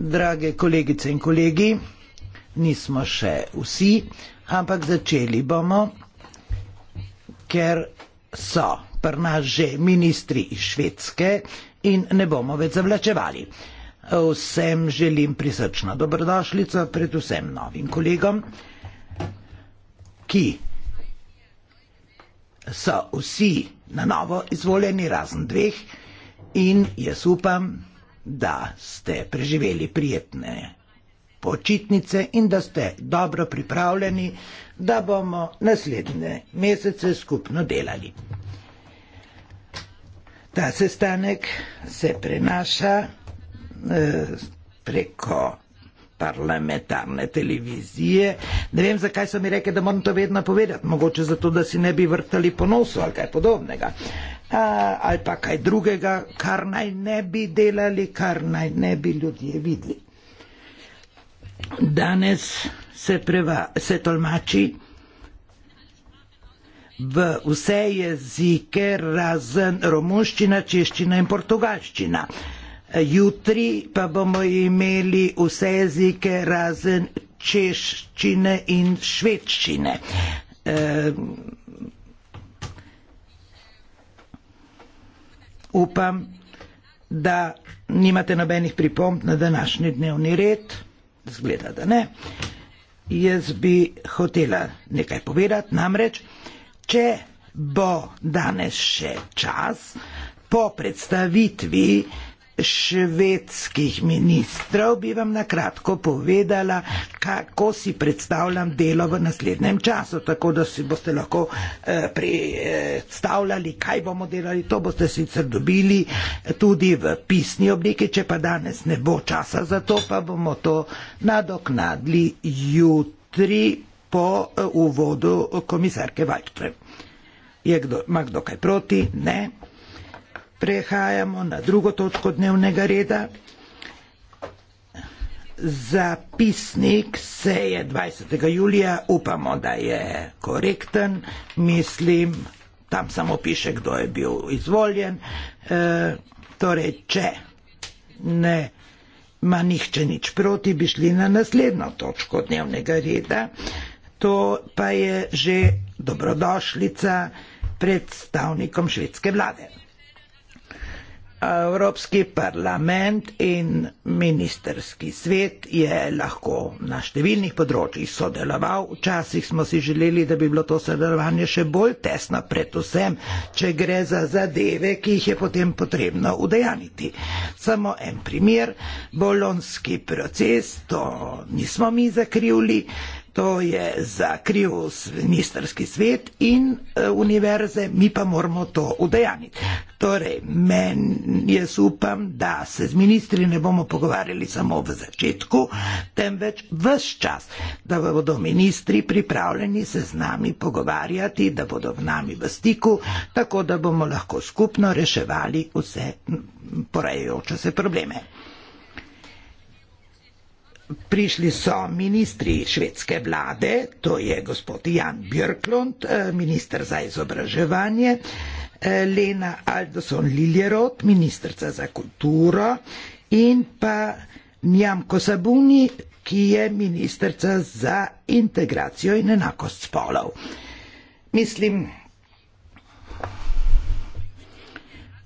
Drage kolegice in kolegi, nismo še vsi, ampak začeli bomo, ker so prna že ministri iz Švedske in ne bomo več zavlačevali. Vsem želim prisrčno dobrodošljico, predvsem novim kolegom, ki so vsi na novo izvoljeni, razen dveh, in jaz upam, da ste preživeli prijetne počitnice in da ste dobro pripravljeni, da bomo naslednje mesece skupno delali. Ta sestanek se prenaša eh, preko parlamentarne televizije. Ne vem, zakaj so mi rekli, da moram to vedno povedati. Mogoče zato, da si ne bi vrtali po nosu ali kaj podobnega. Eh, ali pa kaj drugega, kar naj ne bi delali, kar naj ne bi ljudje videli. Danes se, preva, se tolmači v vse jezike, razen romunščina, češčina in portugalščina. Jutri pa bomo imeli vse jezike, razen češčine in švedščine. Uh, upam, da nimate nobenih pripomb na današnji dnevni red. Zgleda, da ne. Jaz bi hotela nekaj povedati, namreč, če bo danes še čas, po predstavitvi švedskih ministrov, bi vam na kratko povedala, kako si predstavljam delo v naslednjem času. Tako da si boste lahko eh, predstavljali, kaj bomo delali. To boste sicer dobili eh, tudi v pisni obliki, če pa danes ne bo časa za to, pa bomo to nadoknadili jutri po eh, uvodu eh, komisarke Vajtre. Je kdo, ima kdo kaj proti? Ne. Prehajamo na drugo točko dnevnega reda. Zapisnik se je 20. julija, upamo, da je korekten, mislim, tam samo piše, kdo je bil izvoljen. E, torej, če ne ima nihče nič proti, bi šli na naslednjo točko dnevnega reda. To pa je že dobrodošlica predstavnikom švedske vlade. Evropski parlament in ministerski svet je lahko na številnih področjih sodeloval. Včasih smo si želeli, da bi bilo to sodelovanje še bolj tesno, predvsem, če gre za zadeve, ki jih je potem potrebno udejaniti. Samo en primer, bolonski proces, to nismo mi zakrivili, To je zakril ministerski svet in e, univerze, mi pa moramo to udejaniti. Torej, meni jaz upam, da se z ministri ne bomo pogovarjali samo v začetku, temveč vse čas, da bodo ministri pripravljeni se z nami pogovarjati, da bodo v nami v stiku, tako da bomo lahko skupno reševali vse porajajoče se probleme. Prišli so ministri švedske vlade, to je gospod Jan Björklund, eh, minister za izobraževanje, eh, Lena Aldoson Liljerot, ministrica za kulturo in pa Njamko Sabuni, ki je ministrica za integracijo in enakost spolov. Mislim,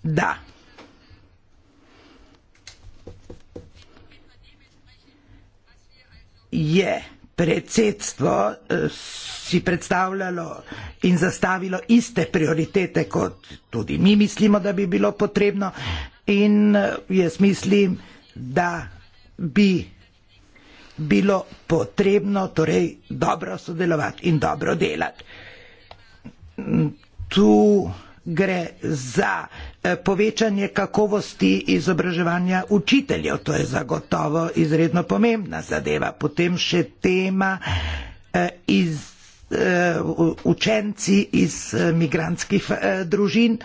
da. je predsedstvo eh, si predstavljalo in zastavilo iste prioritete, kot tudi mi mislimo, da bi bilo potrebno. In eh, jaz mislim, da bi bilo potrebno torej dobro sodelovati in dobro delati. Mm, tu gre za eh, povečanje kakovosti izobraževanja učiteljev, to je zagotovo izredno pomembna zadeva. Potem še tema eh, iz, eh, učenci iz migranskih družin,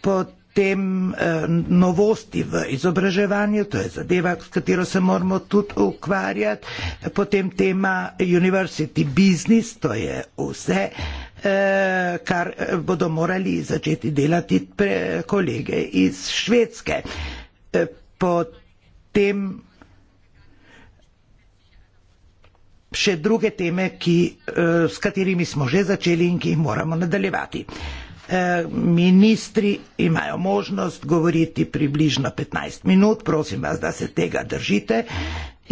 potem novosti v izobraževanju, to je zadeva, s katero se moramo tudi ukvarjati, potem tema university business, to je vse. Eh, kar eh, bodo morali začeti delati pre, eh, kolege iz Švedske. Potem še druge teme, ki, s katerimi smo že začeli in ki jih moramo nadaljevati. Ministri imajo možnost govoriti približno 15 minut, prosim vas, da se tega držite.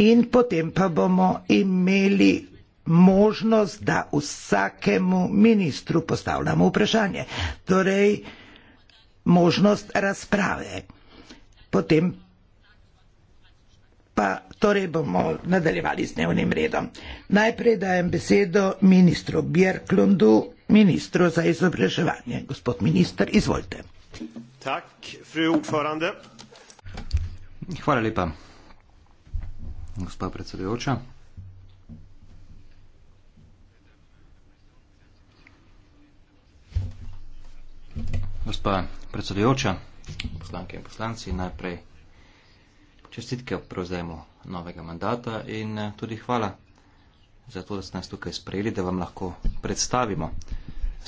In potem pa bomo imeli možnost, da vsakemu ministru postavljamo vprašanje, torej možnost razprave. Potem pa torej bomo nadaljevali s dnevnim redom. Najprej dajem besedo ministru Bjerklundu, ministru za izobraževanje. Gospod minister, izvolite. Tak, Hvala lepa, gospa predsedujoča. Gospa predsedujoča, poslanke in poslanci, najprej čestitke ob prevzemu novega mandata in eh, tudi hvala za to, da ste nas tukaj sprejeli, da vam lahko predstavimo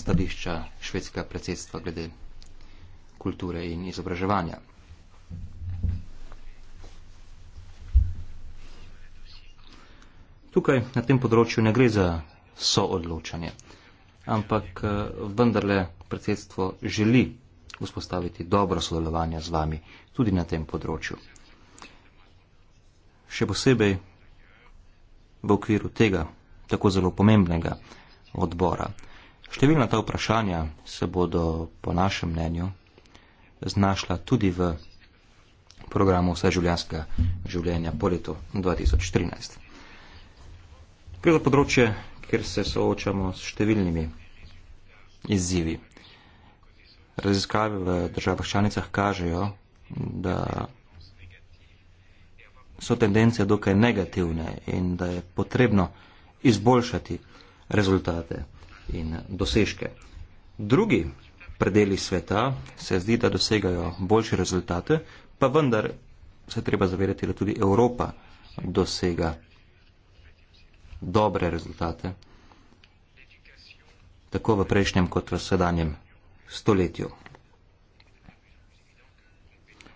stališča švedskega predsedstva glede kulture in izobraževanja. Tukaj na tem področju ne gre za soodločanje ampak eh, vendarle predsedstvo želi vzpostaviti dobro sodelovanje z vami tudi na tem področju. Še posebej v okviru tega tako zelo pomembnega odbora. Številna ta vprašanja se bodo po našem mnenju znašla tudi v programu vseživljanskega življenja po letu 2013. Gre za področje ker se soočamo s številnimi izzivi. Raziskave v državah članicah kažejo, da so tendencije dokaj negativne in da je potrebno izboljšati rezultate in dosežke. Drugi predeli sveta se zdi, da dosegajo boljše rezultate, pa vendar se treba zavedati, da tudi Evropa dosega dobre rezultate, tako v prejšnjem kot v sedanjem stoletju.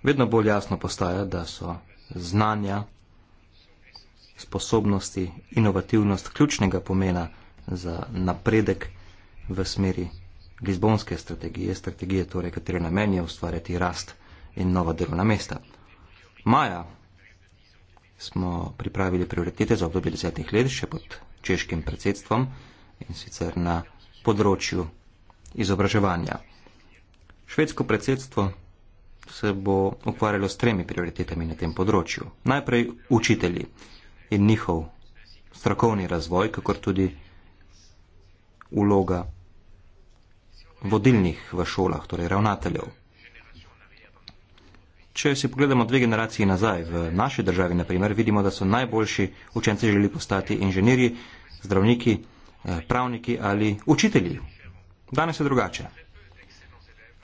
Vedno bolj jasno postaja, da so znanja, sposobnosti, inovativnost ključnega pomena za napredek v smeri Lizbonske strategije, strategije torej, katere namen je ustvarjati rast in nova delovna mesta. Maja smo pripravili prioritete za obdobje desetih let, še pod češkim predsedstvom in sicer na področju izobraževanja. Švedsko predsedstvo se bo ukvarjalo s tremi prioritetami na tem področju. Najprej učitelji in njihov strokovni razvoj, kakor tudi vloga vodilnih v šolah, torej ravnateljev. Če si pogledamo dve generacije nazaj, v naši državi, na primer, vidimo, da so najboljši učenci želeli postati inženirji, zdravniki, eh, pravniki ali učitelji. Danes je drugače.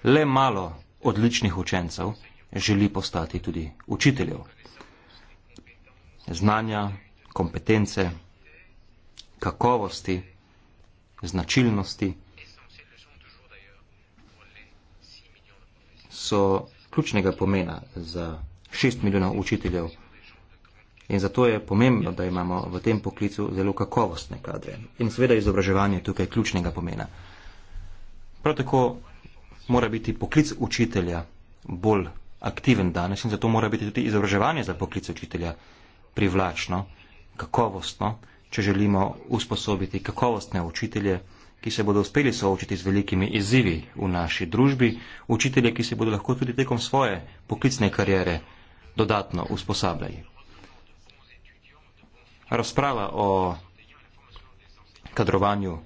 Le malo odličnih učencev želi postati tudi učiteljev. Znanja, kompetence, kakovosti, značilnosti so ključnega pomena za 6 milijonov učiteljev. In zato je pomembno, da imamo v tem poklicu zelo kakovostne kadre. In seveda izobraževanje je tukaj ključnega pomena. Prav tako mora biti poklic učitelja bolj aktiven danes in zato mora biti tudi izobraževanje za poklic učitelja privlačno, kakovostno, če želimo usposobiti kakovostne učitelje ki se bodo uspeli soočiti z velikimi izzivi v naši družbi, učitelje, ki se bodo lahko tudi tekom svoje poklicne kariere dodatno usposabljali. Razprava o kadrovanju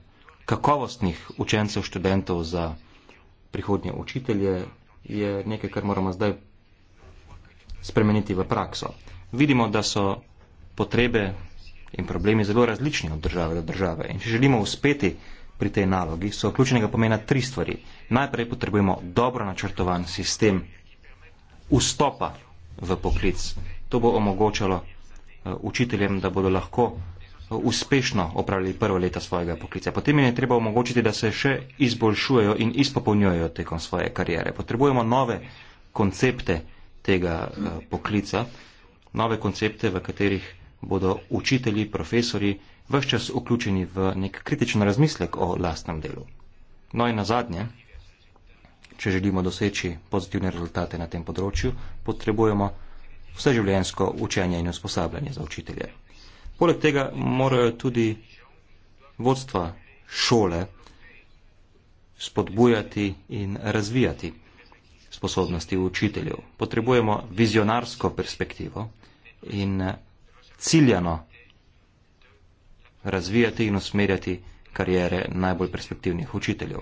kakovostnih učencev študentov za prihodnje učitelje je nekaj, kar moramo zdaj spremeniti v prakso. Vidimo, da so potrebe in problemi zelo različni od države do države. In če želimo uspeti pri tej nalogi, so ključnega pomena tri stvari. Najprej potrebujemo dobro načrtovan sistem vstopa v poklic. To bo omogočalo eh, učiteljem, da bodo lahko eh, uspešno opravili prvo leta svojega poklica. Potem je treba omogočiti, da se še izboljšujejo in izpopolnjujejo tekom svoje karijere. Potrebujemo nove koncepte tega eh, poklica, nove koncepte, v katerih bodo učitelji, profesori vse čas vključeni v nek kritičen razmislek o lastnem delu. No in na zadnje, če želimo doseči pozitivne rezultate na tem področju, potrebujemo vseživljenjsko učenje in usposabljanje za učitelje. Poleg tega morajo tudi vodstva šole spodbujati in razvijati sposobnosti učiteljev. Potrebujemo vizionarsko perspektivo in ciljano razvijati in usmerjati karijere najbolj perspektivnih učiteljev.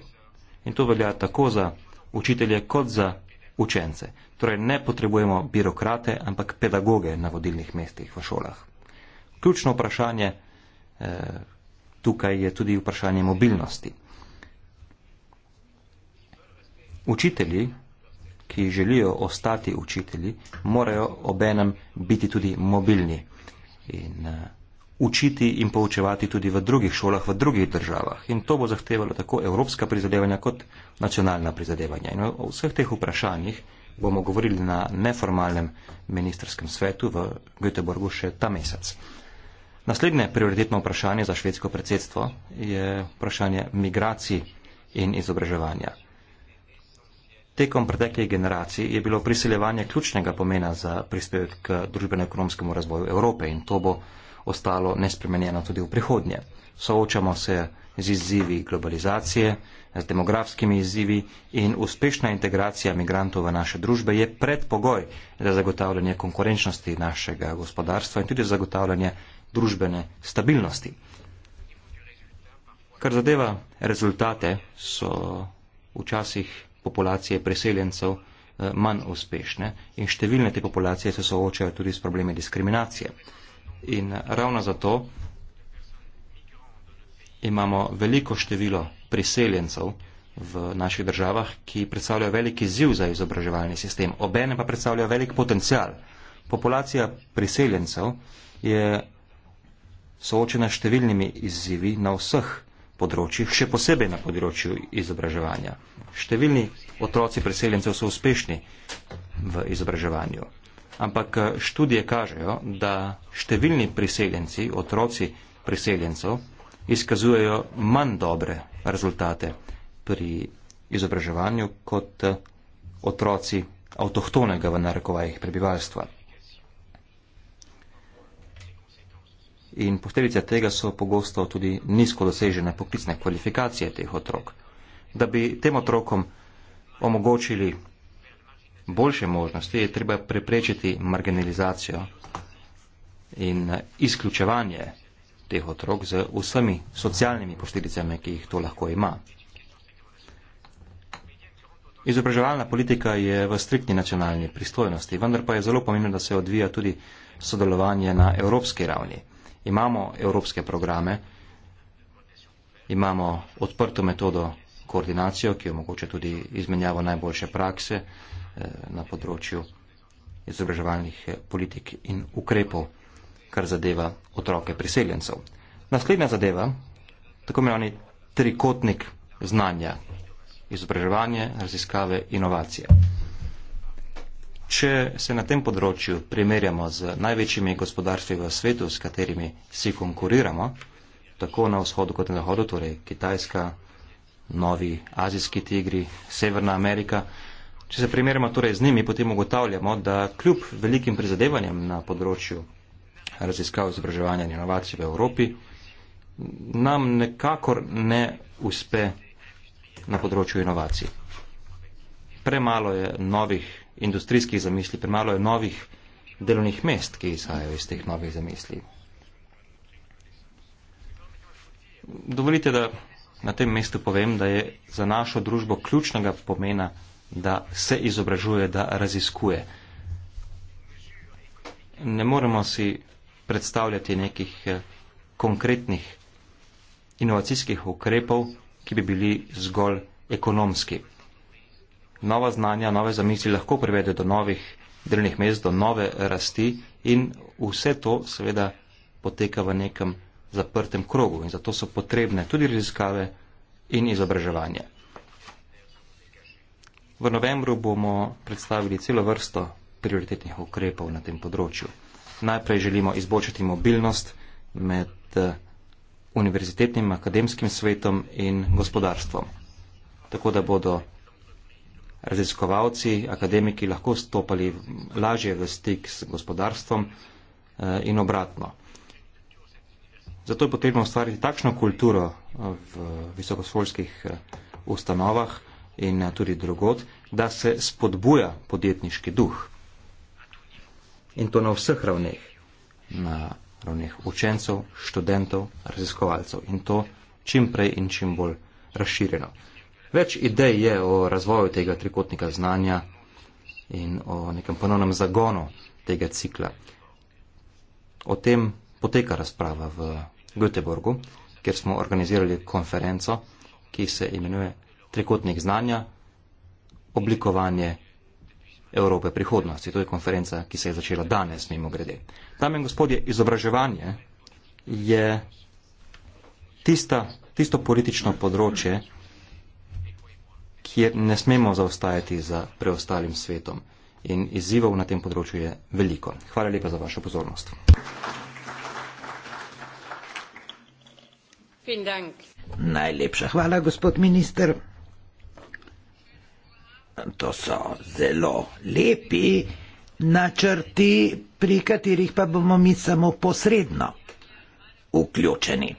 In to velja tako za učitelje kot za učence. Torej ne potrebujemo birokrate, ampak pedagoge na vodilnih mestih v šolah. Ključno vprašanje eh, tukaj je tudi vprašanje mobilnosti. Učitelji, ki želijo ostati učitelji, morajo obenem biti tudi mobilni. In, eh, učiti in poučevati tudi v drugih šolah, v drugih državah. In to bo zahtevalo tako evropska prizadevanja kot nacionalna prizadevanja. In o vseh teh vprašanjih bomo govorili na neformalnem ministerskem svetu v Göteborgu še ta mesec. Naslednje prioritetno vprašanje za švedsko predsedstvo je vprašanje migracij in izobraževanja. Tekom preteklih generacij je bilo priseljevanje ključnega pomena za prispevek k družbeno-ekonomskemu razvoju Evrope in to bo ostalo nespremenjeno tudi v prihodnje. Soočamo se z izzivi globalizacije, z demografskimi izzivi in uspešna integracija migrantov v naše družbe je predpogoj za zagotavljanje konkurenčnosti našega gospodarstva in tudi zagotavljanje družbene stabilnosti. Kar zadeva rezultate, so včasih populacije priseljencev eh, manj uspešne in številne te populacije se soočajo tudi s problemi diskriminacije. In ravno zato imamo veliko število priseljencev v naših državah, ki predstavljajo veliki ziv za izobraževalni sistem. Obene pa predstavljajo velik potencial. Populacija priseljencev je soočena s številnimi izzivi na vseh področjih, še posebej na področju izobraževanja. Številni otroci priseljencev so uspešni v izobraževanju ampak eh, študije kažejo, da številni priseljenci, otroci priseljencev, izkazujejo manj dobre rezultate pri izobraževanju kot eh, otroci avtohtonega v narekovajih prebivalstva. In posledice tega so pogosto tudi nizko dosežene poklicne kvalifikacije teh otrok. Da bi tem otrokom omogočili boljše možnosti, je treba preprečiti marginalizacijo in eh, izključevanje teh otrok z vsemi socialnimi posledicami, ki jih to lahko ima. Izobraževalna politika je v striktni nacionalni pristojnosti, vendar pa je zelo pomembno, da se odvija tudi sodelovanje na evropski ravni. Imamo evropske programe, imamo odprto metodo koordinacijo, ki omogoča tudi izmenjavo najboljše prakse, Eh, na področju izobraževalnih eh, politik in ukrepov, kar zadeva otroke priseljencev. Naslednja zadeva, tako imenovani trikotnik znanja, izobraževanje, raziskave, inovacije. Če se na tem področju primerjamo z največjimi gospodarstvi v svetu, s katerimi si konkuriramo, tako na vzhodu kot na zahodu, torej Kitajska, novi azijski tigri, Severna Amerika, Če se primerjamo torej z njimi, potem ugotavljamo, da kljub velikim prizadevanjem na področju raziskav izobraževanja in inovacij v Evropi, nam nekakor ne uspe na področju inovacij. Premalo je novih industrijskih zamisli, premalo je novih delovnih mest, ki izhajajo iz teh novih zamisli. Dovolite, da na tem mestu povem, da je za našo družbo ključnega pomena da se izobražuje, da raziskuje. Ne moremo si predstavljati nekih eh, konkretnih inovacijskih ukrepov, ki bi bili zgolj ekonomski. Nova znanja, nove zamisli lahko privede do novih delnih mest, do nove rasti in vse to seveda poteka v nekem zaprtem krogu in zato so potrebne tudi raziskave in izobraževanje. V novembru bomo predstavili celo vrsto prioritetnih ukrepov na tem področju. Najprej želimo izboljšati mobilnost med eh, univerzitetnim akademskim svetom in gospodarstvom, tako da bodo raziskovalci, akademiki lahko stopali lažje v stik s gospodarstvom eh, in obratno. Zato je potrebno ustvariti takšno kulturo eh, v visokošolskih ustanovah, in eh, tudi drugot, da se spodbuja podjetniški duh. In to na vseh ravneh. Na ravneh učencev, študentov, raziskovalcev. In to čim prej in čim bolj razširjeno. Več idej je o razvoju tega trikotnika znanja in o nekem ponovnem zagonu tega cikla. O tem poteka razprava v Göteborgu, kjer smo organizirali konferenco, ki se imenuje trikotnik znanja, oblikovanje Evrope prihodnosti. To je konferenca, ki se je začela danes, mimo grede. Dame in gospodje, izobraževanje je tista, tisto politično področje, kjer ne smemo zaostajati za preostalim svetom. In izzivov na tem področju je veliko. Hvala lepa za vašo pozornost. Najlepša hvala, gospod minister. To so zelo lepi načrti, pri katerih pa bomo mi samo posredno vključeni.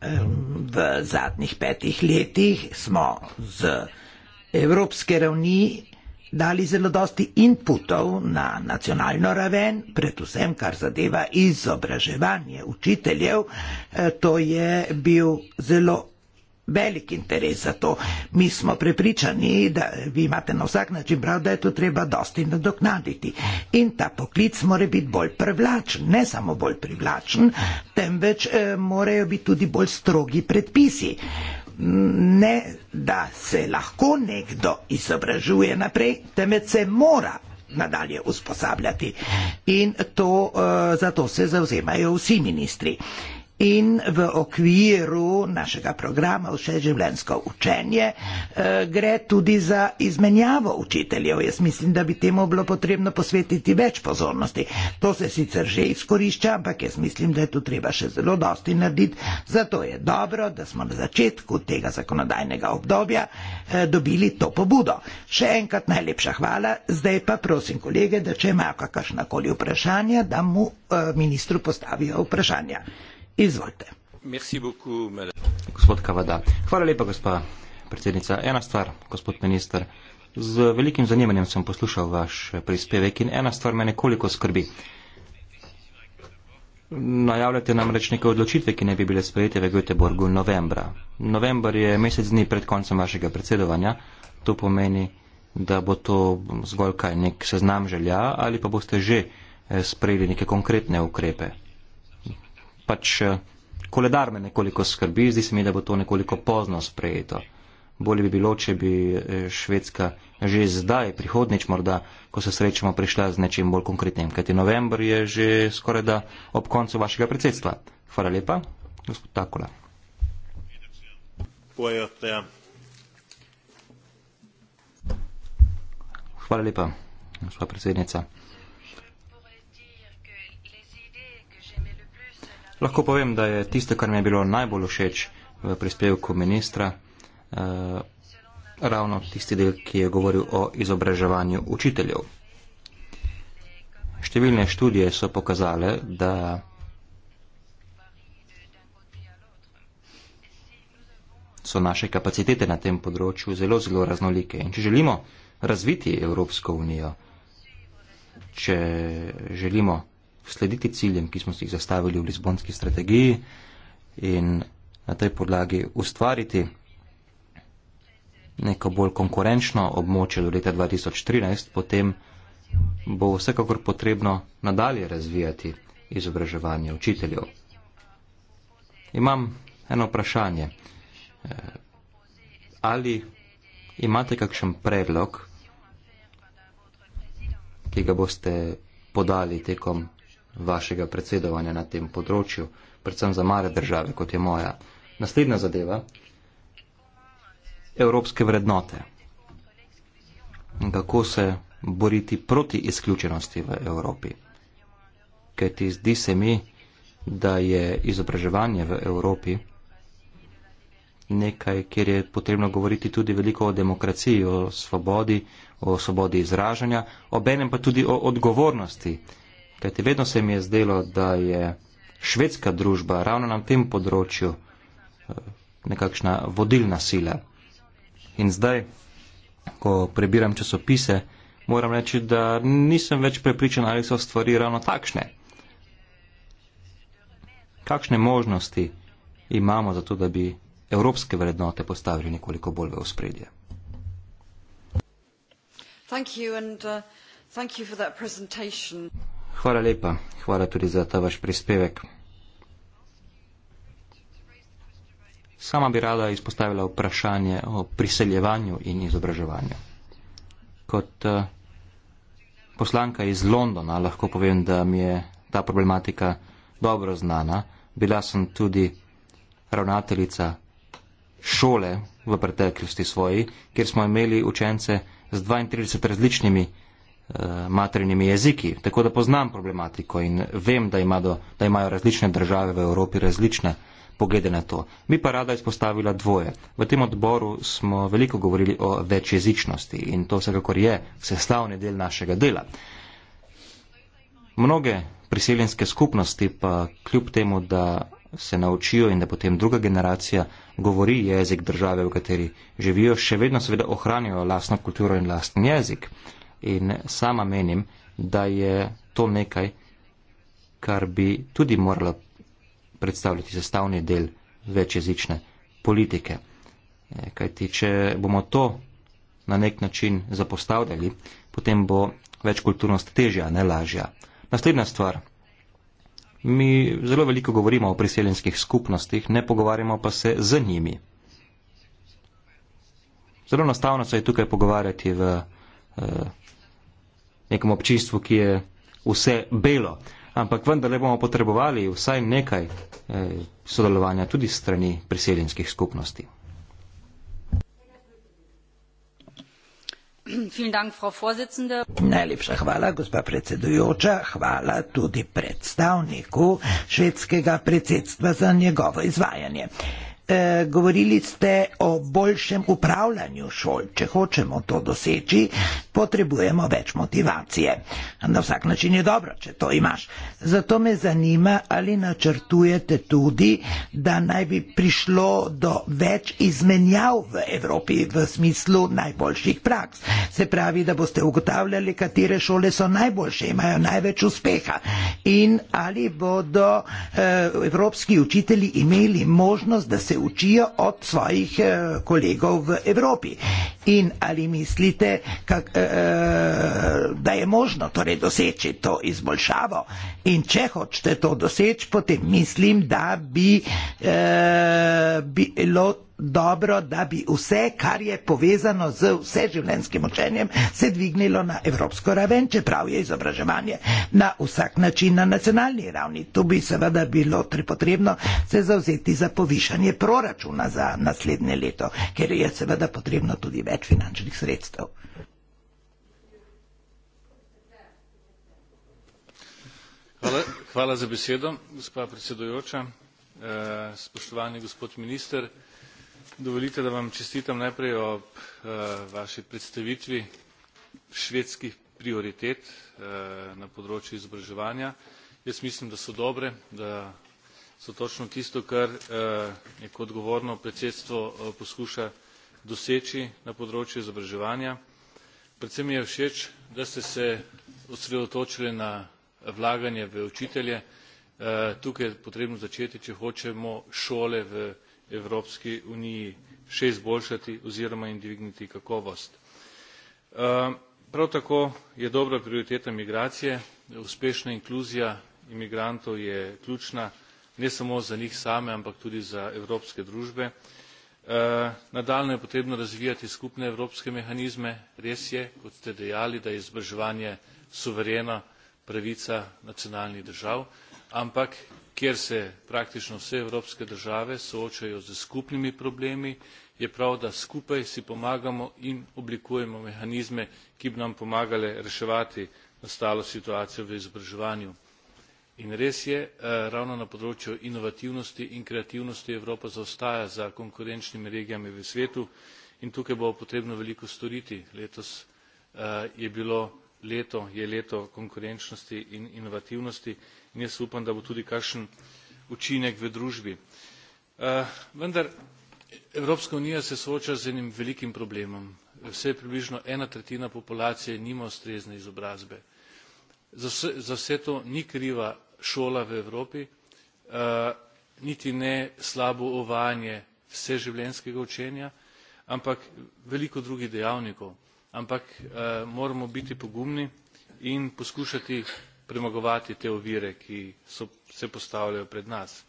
Ehm, v zadnjih petih letih smo z evropske ravni dali zelo dosti inputov na nacionalno raven, predvsem kar zadeva izobraževanje učiteljev. E, to je bil zelo velik interes za to. Mi smo prepričani, da vi imate na vsak način prav, da je to treba dosti nadoknaditi. In ta poklic mora biti bolj privlačen, ne samo bolj privlačen, temveč eh, morajo biti tudi bolj strogi predpisi. Ne, da se lahko nekdo izobražuje naprej, temveč se mora nadalje usposabljati. In to, eh, zato se zauzemajo vsi ministri. Eh, in v okviru našega programa vseživljenjsko učenje eh, gre tudi za izmenjavo učiteljev. Jaz mislim, da bi temu bilo potrebno posvetiti več pozornosti. To se sicer že izkorišča, ampak jaz mislim, da je tu treba še zelo dosti narediti. Zato je dobro, da smo na začetku tega zakonodajnega obdobja eh, dobili to pobudo. Še enkrat najlepša hvala. Zdaj pa prosim kolege, da če imajo kakršnakoli vprašanja, da mu eh, ministru postavijo vprašanja. Izvolite. Gospod Kavada. Hvala lepa, gospa predsednica. Ena stvar, gospod minister. Z velikim zanimanjem sem poslušal vaš prispevek in ena stvar me nekoliko skrbi. Najavljate namreč neke odločitve, ki ne bi bile sprejete v Göteborgu novembra. November je mesec dni pred koncem vašega predsedovanja. To pomeni, da bo to zgolj kaj nek seznam želja ali pa boste že eh, sprejeli neke konkretne ukrepe pač eh, koledar me nekoliko skrbi, zdi se mi, da bo to nekoliko pozno sprejeto. Bolje bi bilo, če bi eh, Švedska že zdaj, prihodnič morda, ko se srečamo, prišla z nečim bolj konkretnim, kajti novembr je že skoraj da ob koncu vašega predsedstva. Hvala lepa, gospod Takula. Hvala lepa, gospod predsednica. Lahko povem, da je tisto, kar mi je bilo najbolj všeč v prispevku ministra, eh, ravno tisti del, ki je govoril o izobraževanju učiteljev. Številne študije so pokazale, da so naše kapacitete na tem področju zelo, zelo raznolike. In če želimo razviti Evropsko unijo, če želimo slediti ciljem, ki smo si jih zastavili v Lizbonski strategiji in na tej podlagi ustvariti neko bolj konkurenčno območje do leta 2013, potem bo vsekakor potrebno nadalje razvijati izobraževanje učiteljev. Imam eno vprašanje. Eh, ali imate kakšen predlog, ki ga boste podali tekom vašega predsedovanja na tem področju, predvsem za male države, kot je moja. Naslednja zadeva, evropske vrednote. Kako se boriti proti izključenosti v Evropi? Ker ti zdi se mi, da je izobraževanje v Evropi nekaj, kjer je potrebno govoriti tudi veliko o demokraciji, o svobodi, o svobodi izražanja, obenem pa tudi o odgovornosti kajti vedno se mi je zdelo, da je švedska družba ravno na tem področju eh, nekakšna vodilna sila. In zdaj, ko prebiram časopise, moram reči, da nisem več prepričan, ali so stvari ravno takšne. Kakšne možnosti imamo za to, da bi evropske vrednote postavili nekoliko bolj v ospredje? Thank you and, uh, thank you for that presentation. Hvala lepa. Hvala tudi za ta vaš prispevek. Sama bi rada izpostavila vprašanje o priseljevanju in izobraževanju. Kot eh, poslanka iz Londona lahko povem, da mi je ta problematika dobro znana. Bila sem tudi ravnateljica šole v preteklosti svoji, kjer smo imeli učence z 32 različnimi Eh, maternimi jeziki. Tako da poznam problematiko in vem, da, ima do, da imajo različne države v Evropi različne poglede na to. Mi pa rada izpostavila dvoje. V tem odboru smo veliko govorili o večjezičnosti in to vsekakor je sestavni del našega dela. Mnoge priseljenske skupnosti pa kljub temu, da se naučijo in da potem druga generacija govori jezik države, v kateri živijo, še vedno seveda ohranijo lastno kulturo in lastni jezik. In sama menim, da je to nekaj, kar bi tudi morala predstavljati sestavni del večjezične politike. E, kajti, če bomo to na nek način zapostavljali, potem bo večkulturnost težja, ne lažja. Naslednja stvar. Mi zelo veliko govorimo o priseljenskih skupnostih, ne pogovarjamo pa se z njimi. Zelo enostavno se je tukaj pogovarjati v eh, nekem občinstvu, ki je vse belo. Ampak vendarle bomo potrebovali vsaj nekaj eh, sodelovanja tudi strani priseljenskih skupnosti. Najlepša hvala, gospa predsedujoča. Hvala tudi predstavniku švedskega predsedstva za njegovo izvajanje eh, govorili ste o boljšem upravljanju šol. Če hočemo to doseči, potrebujemo več motivacije. Na vsak način je dobro, če to imaš. Zato me zanima, ali načrtujete tudi, da naj bi prišlo do več izmenjav v Evropi v smislu najboljših praks. Se pravi, da boste ugotavljali, katere šole so najboljše, imajo največ uspeha in ali bodo eh, evropski učitelji imeli možnost, da se se učijo od svojih eh, kolegov v Evropi. In ali mislite, kak, e, da je možno torej, doseči to izboljšavo? In če hočete to doseči, potem mislim, da bi e, bilo dobro, da bi vse, kar je povezano z vseživljenjskim učenjem, se dvignilo na evropsko raven, čeprav je izobraževanje na vsak način na nacionalni ravni. Tu bi seveda bilo potrebno se zauzeti za povišanje proračuna za naslednje leto, ker je seveda potrebno tudi več finančnih sredstev. Hvala, hvala za besedo, gospa predsedujoča. Eh, spoštovani gospod minister, dovolite da vam čestitam najprej ob eh, vaši predstavitvi švedskih prioritet eh, na področju izobraževanja jaz mislim da so dobre da so točno tisto kar eh, neko odgovorno predsedstvo poskuša doseči na področju izobraževanja predvsem mi je všeč da ste se osredotočili na vlaganje v učitelje tukaj je potrebno začeti če hočemo šole v evropski uniji še izboljšati oziroma jim dvigniti kakovost. Eh, prav tako je dobra prioriteta migracije uspešna inkluzija imigrantov je ključna ne samo za njih same ampak tudi za evropske družbe. Eh, nadaljnje je potrebno razvijati skupne evropske mehanizme res je kot ste dejali da je izobraževanje suverena pravica nacionalnih držav ampak kjer se praktično vse evropske države soočajo s skupnimi problemi je prav da skupaj si pomagamo in oblikujemo mehanizme ki bi nam pomagali reševati nastalo situacijo v izobraževanju. in res je eh, ravno na področju inovativnosti in kreativnosti evropa zaostaja za konkurenčnimi regijami v svetu in tukaj bo potrebno veliko storiti. letos eh, je bilo leto je leto konkurenčnosti in inovativnosti in jaz upam da bo tudi kakšen učinek v družbi. Eh, vendar evropska unija se sooča z enim velikim problemom vsaj približno ena tretjina populacije nima ustrezne izobrazbe. za vse to ni kriva šola v evropi eh, niti ne slabo uvajanje vseživljenjskega učenja ampak veliko drugih dejavnikov. ampak eh, moramo biti pogumni in poskušati premagovati te ovire ki so, se postavljajo pred nas.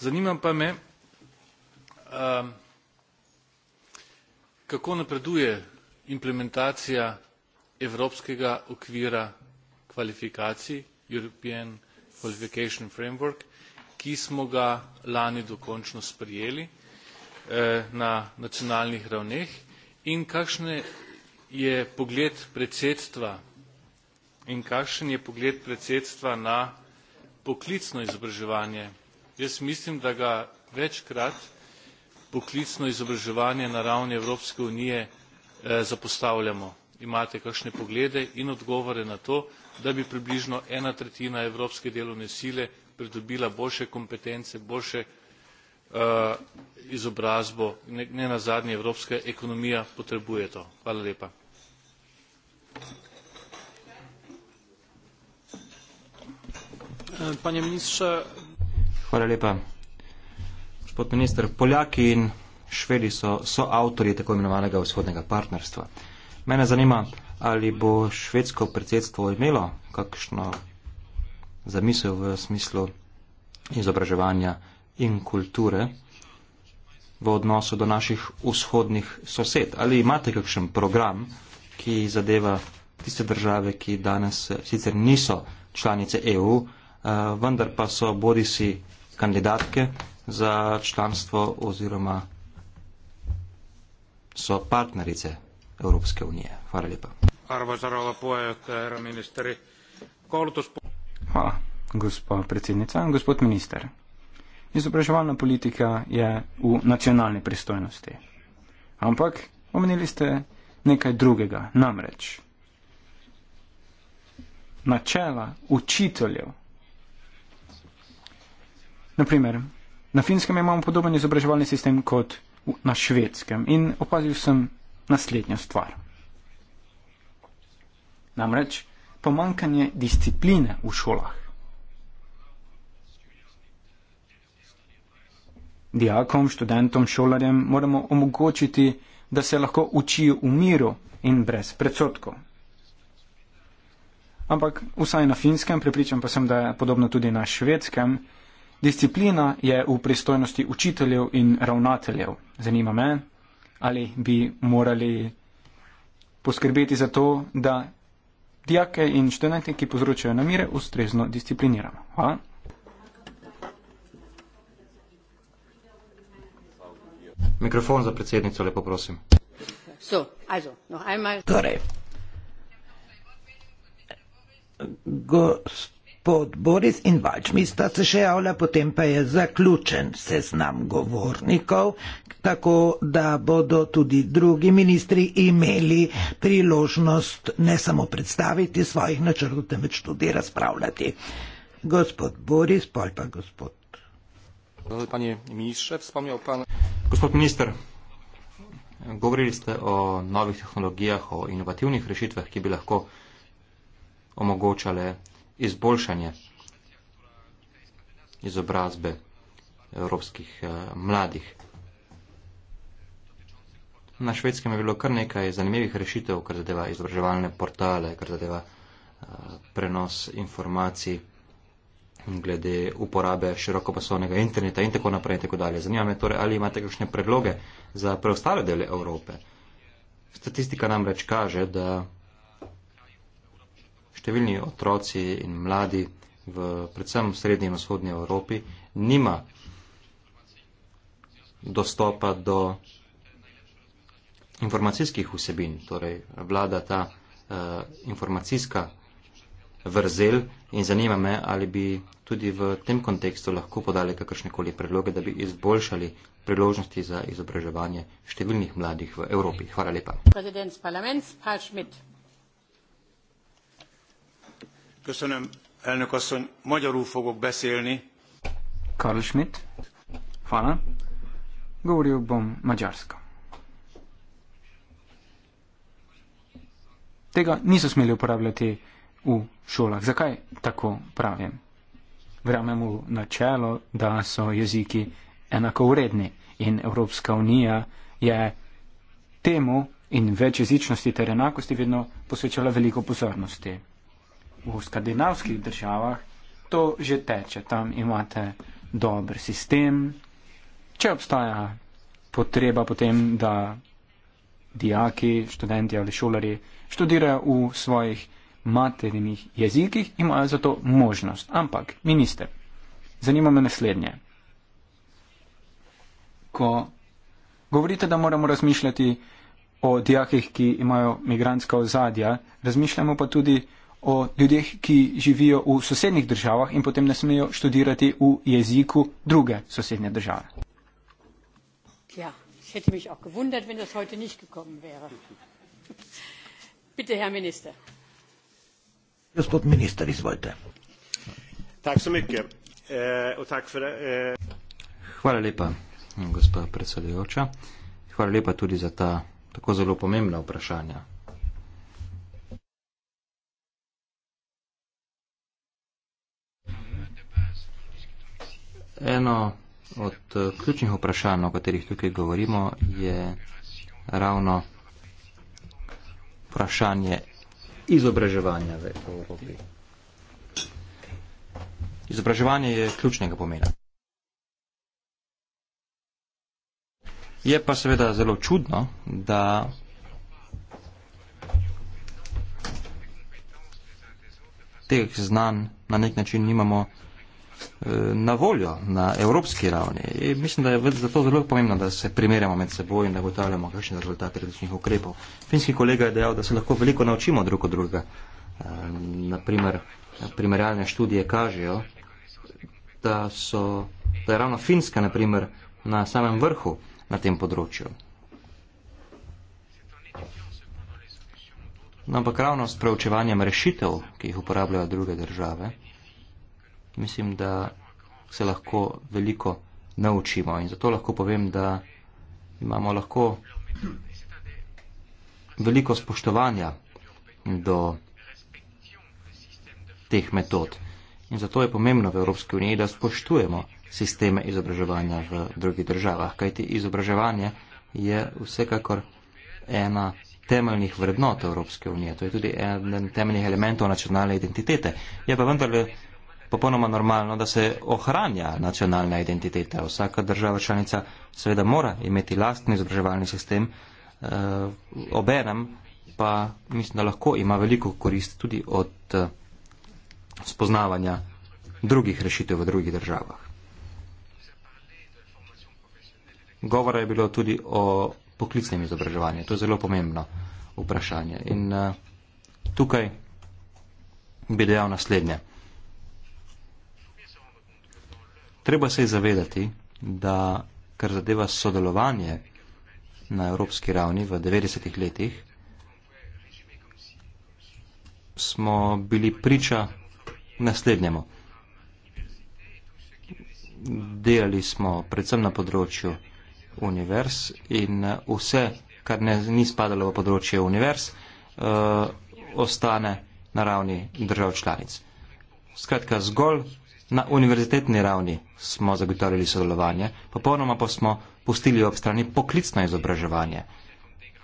Zanima pa me um, kako napreduje implementacija evropskega okvira kvalifikacij European Qualification Framework, ki smo ga lani dokončno sprijeli eh, na nacionalnih ravneh in kakšen je pogled predsedstva in kakšen je pogled predsedstva na poklicno izobraževanje. Jaz mislim, da ga večkrat poklicno izobraževanje na ravni Evropske unije eh, zapostavljamo. Imate kakšne poglede in odgovore na to, da bi približno ena tretjina evropske delovne sile pridobila boljše kompetence, boljše eh, izobrazbo, ne, ne na zadnje evropska ekonomija potrebuje to. Hvala lepa. Panie ministrze. Hvala lepa. Gospod minister, Poljaki in Švedi so, so avtori tako imenovanega vzhodnega partnerstva. Mene zanima, ali bo švedsko predsedstvo imelo kakšno zamisel v smislu izobraževanja in kulture v odnosu do naših vzhodnih sosed. Ali imate kakšen program, ki zadeva tiste države, ki danes eh, sicer niso članice EU, Eh, vendar pa so bodi si kandidatke za članstvo oziroma so partnerice Evropske unije. Hvala lepa. Arvoisa rouva puheenjohtaja, ministeri, koulutus... Hvala, gospod predsednica. Gospod minister, izobraževalna politika je v nacionalni pristojnosti. Ampak omenili ste nekaj drugega, namreč. Načela učiteljev Naprimer, na finskem imamo podoben izobraževalni sistem kot na švedskem in opazil sem naslednjo stvar. Namreč pomankanje discipline v šolah. Dijakom, študentom, šolarjem moramo omogočiti, da se lahko učijo v miru in brez predsotkov. Ampak vsaj na finskem, pripričam pa sem, da je podobno tudi na švedskem, Disciplina je v pristojnosti učiteljev in ravnateljev. Zanima me, ali bi morali poskrbeti za to, da dijake in študente, ki povzročajo namire, ustrezno discipliniramo. Hvala. Mikrofon za predsednico, lepo prosim. So, also, noch einmal. Torej. Gost gospod Boris in Valčmi sta se še javlja, potem pa je zaključen seznam govornikov, tako da bodo tudi drugi ministri imeli priložnost ne samo predstaviti svojih načrtov, temveč tudi razpravljati. Gospod Boris, pol pa gospod. Panie ministrze, wspomniał pan. Gospod minister, govorili ste o novih tehnologijah, o inovativnih rešitvah, ki bi lahko omogočale izboljšanje izobrazbe evropskih eh, mladih. Na švedskem je bilo kar nekaj zanimivih rešitev, kar zadeva izobraževalne portale, kar zadeva eh, prenos informacij glede uporabe širokopasovnega interneta in tako naprej in tako dalje. Zanima me torej, ali imate kakšne predloge za preostale dele Evrope. Statistika namreč kaže, da številni otroci in mladi, v, predvsem v srednji in vzhodnji Evropi, nima dostopa do informacijskih vsebin, torej vlada ta uh, informacijska vrzel in zanima me, ali bi tudi v tem kontekstu lahko podali kakršnekoli predloge, da bi izboljšali priložnosti za izobraževanje številnih mladih v Evropi. Hvala lepa elnök asszony magyarul fogok beszélni karl schmidt fala govorjukbom mađarsko tega niso smeli uporabljati v šolah zakaj tako pravim verjamem v načelo da so jeziki enakovredni in evropska unija je temu in večjezičnosti ter enakosti vedno posvečala veliko pozornosti v skandinavskih državah to že teče. Tam imate dober sistem. Če obstaja potreba potem, da dijaki, študenti ali šolari študirajo v svojih materinih jezikih, imajo za to možnost. Ampak, minister, zanima me naslednje. Ko govorite, da moramo razmišljati o dijakih, ki imajo migranska ozadja, razmišljamo pa tudi o o ljudeh, ki živijo v sosednjih državah in potem ne smejo študirati v jeziku druge sosednje države. Ja, hätte mich auch gewundert, wenn das heute nicht gekommen wäre. Bitte, Herr Minister. Gospod minister, izvolite. Tako so mikke. Eh, eh, Hvala lepa, gospa predsedujoča. Hvala lepa tudi za ta tako zelo pomembna vprašanja. Eno od eh, ključnih vprašanj, o katerih tukaj govorimo, je ravno vprašanje izobraževanja v Evropi. Izobraževanje je ključnega pomena. Je pa seveda zelo čudno, da teh znanj na nek način nimamo Eh, na voljo na evropski ravni. In mislim, da je zato zelo pomembno, da se primerjamo med seboj in nagotavljamo, kakšni rezultati različnih ukrepov. Finski kolega je dejal, da se lahko veliko naučimo drug od drugega. Eh, naprimer, primerjalne študije kažejo, da, so, da je ravno Finska naprimer, na samem vrhu na tem področju. No, ampak ravno s preučevanjem rešitev, ki jih uporabljajo druge države, mislim, da se lahko veliko naučimo in zato lahko povem, da imamo lahko veliko spoštovanja do teh metod. In zato je pomembno v Evropski uniji, da spoštujemo sisteme izobraževanja v drugih državah, kajti izobraževanje je vsekakor ena temeljnih vrednot Evropske unije. To je tudi eden temeljnih elementov nacionalne identitete. Je pa vendarle popolnoma normalno, da se ohranja nacionalna identiteta. Vsaka država članica seveda mora imeti lastni izobraževalni sistem, uh, obenem pa mislim, da lahko ima veliko korist tudi od uh, spoznavanja drugih rešitev v drugih državah. Govora je bilo tudi o poklicnem izobraževanju. To je zelo pomembno vprašanje. In uh, tukaj bi dejal naslednje. treba se je zavedati, da kar zadeva sodelovanje na evropski ravni v 90-ih letih, smo bili priča naslednjemu. Delali smo predvsem na področju univerz in eh, vse, kar ne, ni spadalo v področje univerz, uh, ostane na ravni držav članic. Skratka, zgolj Na univerzitetni ravni smo zagotovili sodelovanje, popolnoma pa smo pustili ob strani poklicno izobraževanje.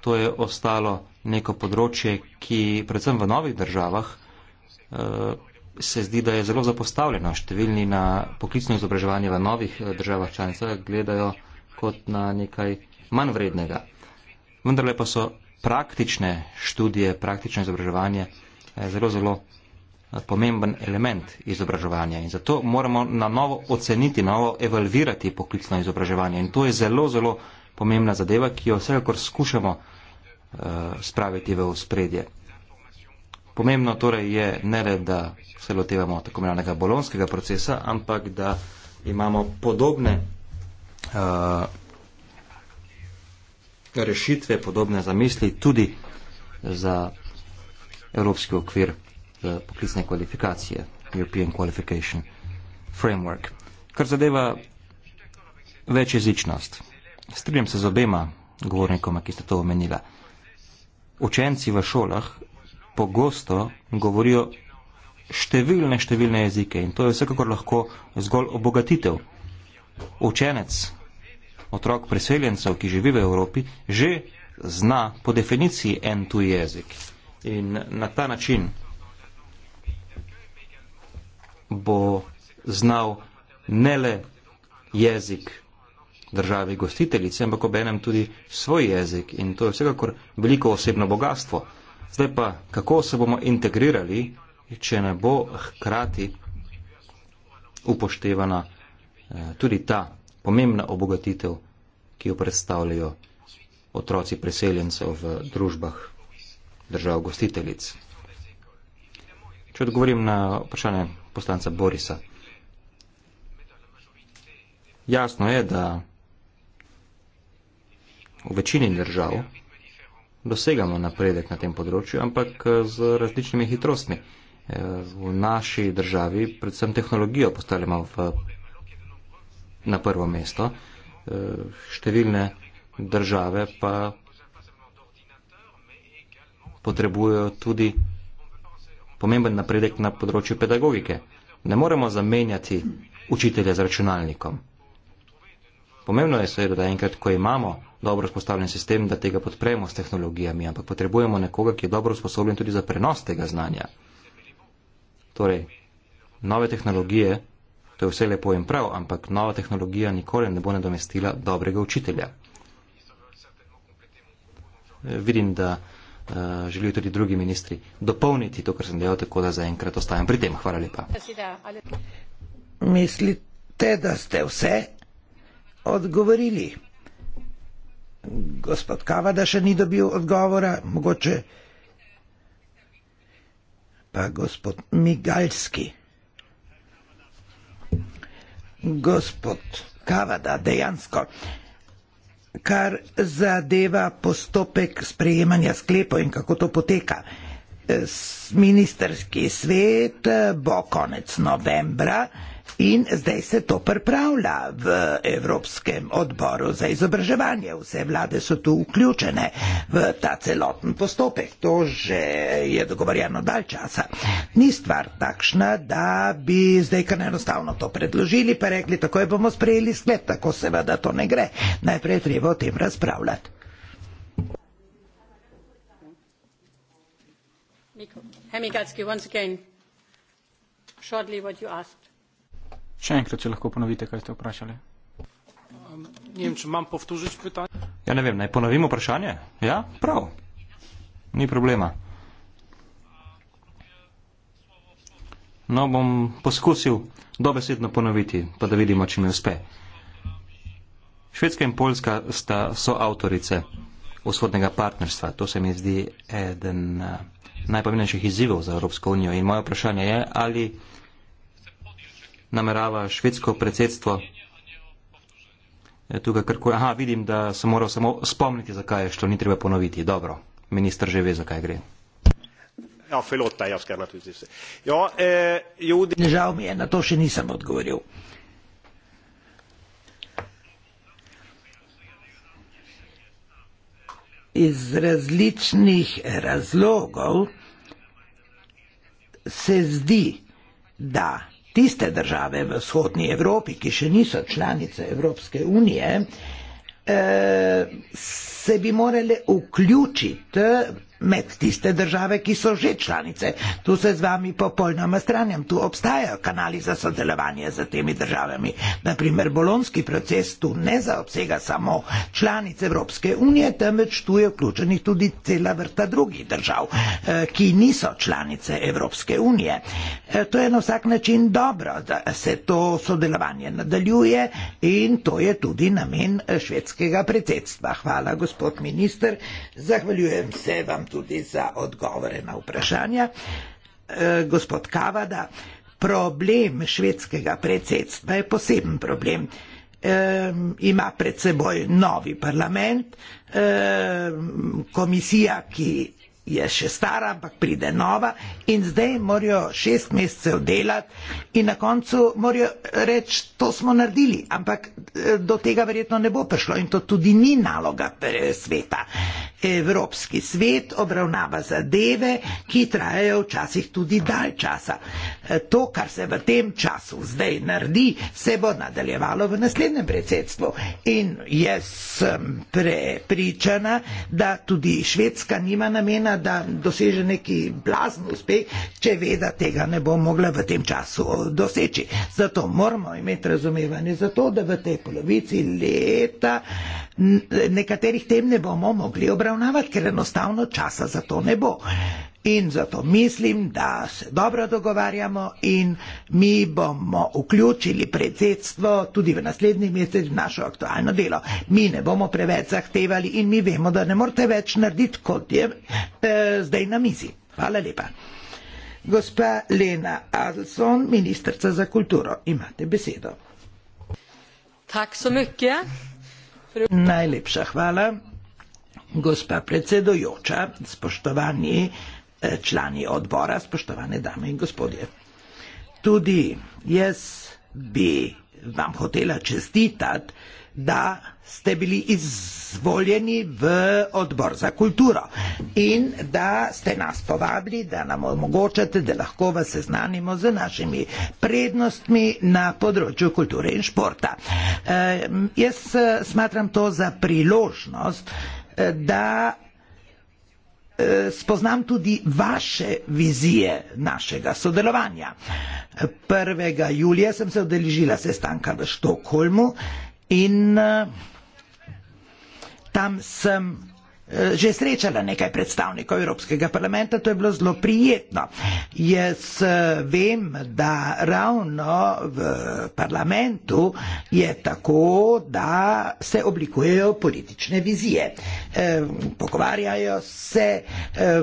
To je ostalo neko področje, ki predvsem v novih državah eh, se zdi, da je zelo zapostavljeno. Številni na poklicno izobraževanje v novih eh, državah članicah gledajo kot na nekaj manj vrednega. Vendarle pa so praktične študije, praktično izobraževanje eh, zelo, zelo Eh, pomemben element izobraževanja in zato moramo na novo oceniti, na novo evalvirati poklicno izobraževanje in to je zelo, zelo pomembna zadeva, ki jo vsekakor skušamo uh, spraviti v uspredje. Pomembno torej je ne le, da se lotevamo tako imenovanega bolonskega procesa, ampak da imamo podobne uh, rešitve, podobne zamisli tudi za evropski okvir poklicne kvalifikacije, European Qualification Framework. Kar zadeva večjezičnost. Strinjam se z obema govornikoma, ki ste to omenila. Učenci v šolah pogosto govorijo številne, številne jezike in to je vsekakor lahko zgolj obogatitev. Učenec, otrok preseljencev, ki živi v Evropi, že zna po definiciji en tuji jezik. In na ta način bo znal ne le jezik državi gostiteljice, ampak obenem tudi svoj jezik in to je vsekakor veliko osebno bogatstvo. Zdaj pa, kako se bomo integrirali, če ne bo hkrati upoštevana eh, tudi ta pomembna obogatitev, ki jo predstavljajo otroci preseljencev v družbah držav gostiteljic. Če odgovorim na vprašanje poslanca Borisa. Jasno je, da v večini držav dosegamo napredek na tem področju, ampak eh, z različnimi hitrostmi. Eh, v naši državi predvsem tehnologijo postavljamo v, na prvo mesto, eh, številne države pa potrebujejo tudi pomemben napredek na področju pedagogike. Ne moremo zamenjati učitelja z računalnikom. Pomembno je seveda, da enkrat, ko imamo dobro spostavljen sistem, da tega podpremo s tehnologijami, ampak potrebujemo nekoga, ki je dobro sposobljen tudi za prenos tega znanja. Torej, nove tehnologije, to je vse lepo in prav, ampak nova tehnologija nikoli ne bo nadomestila dobrega učitelja. Vidim, da. Eh, želijo tudi drugi ministri dopolniti to, kar sem dejal, tako da zaenkrat ostajam pri tem. Hvala lepa. Mislite, da ste vse odgovorili? Gospod Kavada še ni dobil odgovora, mogoče pa gospod Migalski. Gospod Kavada, dejansko kar zadeva postopek sprejemanja sklepov in kako to poteka. Eh, Ministerski svet eh, bo konec novembra In zdaj se to pripravlja v Evropskem odboru za izobraževanje. Vse vlade so tu vključene v ta celoten postopek. To že je dogovorjeno dalj časa. Ni stvar takšna, da bi zdaj kar enostavno to predložili, pa rekli, tako je bomo sprejeli sklep, tako seveda to ne gre. Najprej je treba o tem razpravljati. Hemigalski, once again, shortly what you asked. Še enkrat, če lahko ponovite, kaj ste vprašali. Um, Nem, če imam povtužiti pitanje? Ja, ne vem, naj ponovim vprašanje? Ja, prav. Ni problema. No, bom poskusil dobesedno ponoviti, pa da vidimo, če mi uspe. Švedska in Poljska sta soavtorice vzhodnega partnerstva. To se mi zdi eden eh, najpomembnejših izzivov za Evropsko unijo. In moje vprašanje je, ali namerava švedsko predsedstvo. Eh, tukaj karkoli. Aha, vidim, da sem moral samo spomniti, zakaj je šlo, ni treba ponoviti. Dobro, minister že ve, zakaj gre. Ja, felota, jaz kar natuzi se. Ja, eh, judi... Žal mi je, na to še nisem odgovoril. Iz različnih razlogov se zdi, da tiste države v vzhodnji Evropi, ki še niso članice Evropske unije, eh, se bi morale vključiti med tiste države, ki so že članice. Tu se z vami popolnoma stranjam, tu obstajajo kanali za sodelovanje z temi državami. Naprimer, bolonski proces tu ne zaobsega samo članice Evropske unije, temveč tu je vključenih tudi cela vrta drugih držav, eh, ki niso članice Evropske unije. Eh, to je na vsak način dobro, da se to sodelovanje nadaljuje in to je tudi namen eh, švedskega predsedstva. Hvala, gospod minister. Zahvaljujem se vam tudi za odgovore na vprašanja. E, gospod Kavada, problem švedskega predsedstva je poseben problem. E, ima pred seboj novi parlament, e, komisija, ki je še stara, ampak pride nova in zdaj morajo šest mesecev delati in na koncu morajo reči, to smo naredili, ampak eh, do tega verjetno ne bo prišlo in to tudi ni naloga eh, sveta. Evropski svet obravnava zadeve, ki trajajo včasih tudi dalj časa. Eh, to, kar se v tem času zdaj naredi, se bo nadaljevalo v naslednjem predsedstvu. In jaz sem prepričana, da tudi Švedska nima namena da doseže neki blazen uspeh, če ve, da tega ne bo mogla v tem času doseči. Zato moramo imeti razumevanje za to, da v tej polovici leta nekaterih tem ne bomo mogli obravnavati, ker enostavno časa za to ne bo. In zato mislim, da se dobro dogovarjamo in mi bomo vključili predsedstvo tudi v naslednjih mesecih v našo aktualno delo. Mi ne bomo preveč zahtevali in mi vemo, da ne morete več narediti, kot je e, zdaj na mizi. Hvala lepa. Gospa Lena Adelson, ministrica za kulturo, imate besedo. Najlepša hvala. Gospa predsedojoča, spoštovani. Eh, člani odbora, spoštovane dame in gospodje. Tudi jaz bi vam hotela čestitati, da ste bili izvoljeni v odbor za kulturo in da ste nas povabili, da nam omogočate, da lahko vas seznanimo z našimi prednostmi na področju kulture in športa. E, jaz eh, smatram to za priložnost, da Eh, spoznam tudi vaše vizije našega sodelovanja. 1. julija sem se odeležila sestanka v Štokholmu in eh, tam sem eh, že srečala nekaj predstavnikov Evropskega parlamenta, to je bilo zelo prijetno. Jaz vem, da ravno v parlamentu je tako, da se oblikujejo politične vizije pogovarjajo se,